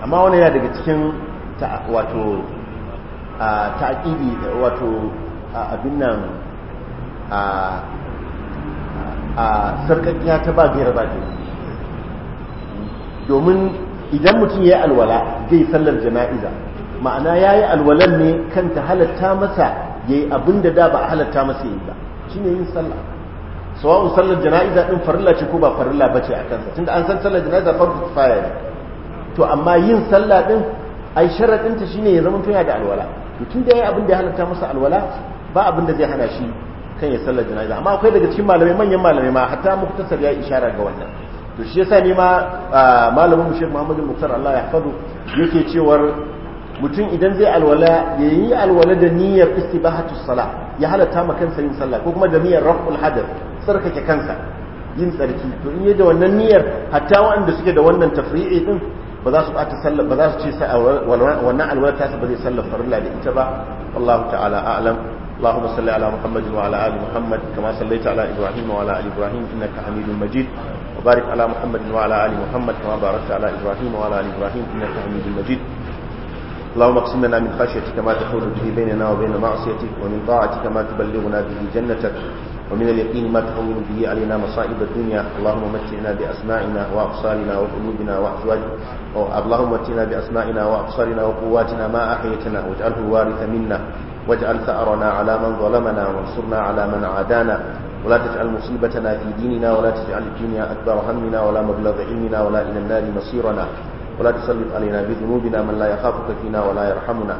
amma wani yana daga cikin wato ta'aƙibi wato abin nan a sarƙaƙiya ta ba biyar ba domin idan mutum ya yi alwala zai sallar jana'iza ma'ana ya yi alwalan ne kan ta halatta masa ya yi abin da da ba a halatta masa yi ba shi ne yin sallah sawa'un sallar jana'iza ɗin farilla ce ko ba farilla ba ce a kansa tunda an san sallar jana'iza farko kifaya ne to amma yin sallah ɗin ai sharaɗinta shine ya zama tuna da alwala to tun da ya yi abin da ya halatta masa alwala ba abin da zai hana shi kan ya sallar jana'iza amma akwai daga cikin malamai manyan malamai ma hatta muktasar ya ishara ga wannan to shi yasa ne ma ah, malamin mu Sheikh Muhammadu Muktar Allah ya yake cewar mutum idan zai alwala ya yi alwala da niyyar istibahatu sala ya halatta ma kansa yin sallah ko kuma da niyyar raf'ul hadath tsarkake kansa yin tsarki to in yi da wannan niyyar hatta waɗanda suke da wannan tafri'i din ba za su bata sallah ba za su ce sai wannan alwala ta ba zai sallar farilla da ita ba wallahu ta'ala a'lam اللهم صل على محمد وعلى ال محمد كما صليت على ابراهيم وعلى ال ابراهيم انك حميد مجيد وبارك على محمد وعلى ال محمد كما باركت على ابراهيم وعلى ال ابراهيم انك حميد مجيد اللهم اقسم لنا من خشيتك ما تحول به بيننا وبين معصيتك ومن طاعتك ما تبلغنا به جنتك ومن اليقين ما تحول به علينا مصائب الدنيا اللهم متعنا بأسماعنا وأبصارنا وقلوبنا وأزواجنا اللهم متعنا بأسماعنا وأبصارنا وقواتنا ما أحيتنا واجعله وارث منا واجعل ثأرنا على من ظلمنا وانصرنا على من عادانا ولا تجعل مصيبتنا في ديننا ولا تجعل الدنيا أكبر همنا ولا مبلغ علمنا ولا إلى النار مصيرنا ولا تسلط علينا بذنوبنا من لا يخافك فينا ولا يرحمنا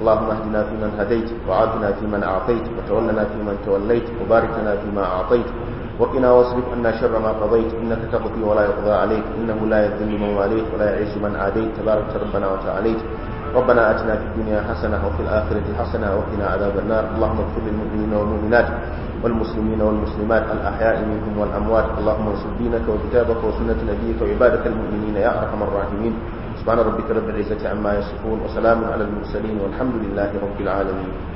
اللهم اهدنا فيمن هديت وعافنا فيمن أعطيت وتولنا فيمن توليت وبارك لنا فيما أعطيت وقنا واصرف عنا شر ما قضيت إنك تقضي ولا يقضى عليك إنه لا يذل من واليت ولا يعز من عاديت تبارك ربنا وتعاليت ربنا أتنا في الدنيا حسنة وفي الآخرة حسنة وقنا عذاب النار اللهم اغفر للمؤمنين والمؤمنات والمسلمين والمسلمات الأحياء منهم والأموات اللهم انصر دينك وكتابك وسنة نبيك وعبادك المؤمنين يا أرحم الراحمين سبحان ربك رب العزة عما يصفون وسلام على المرسلين والحمد لله رب العالمين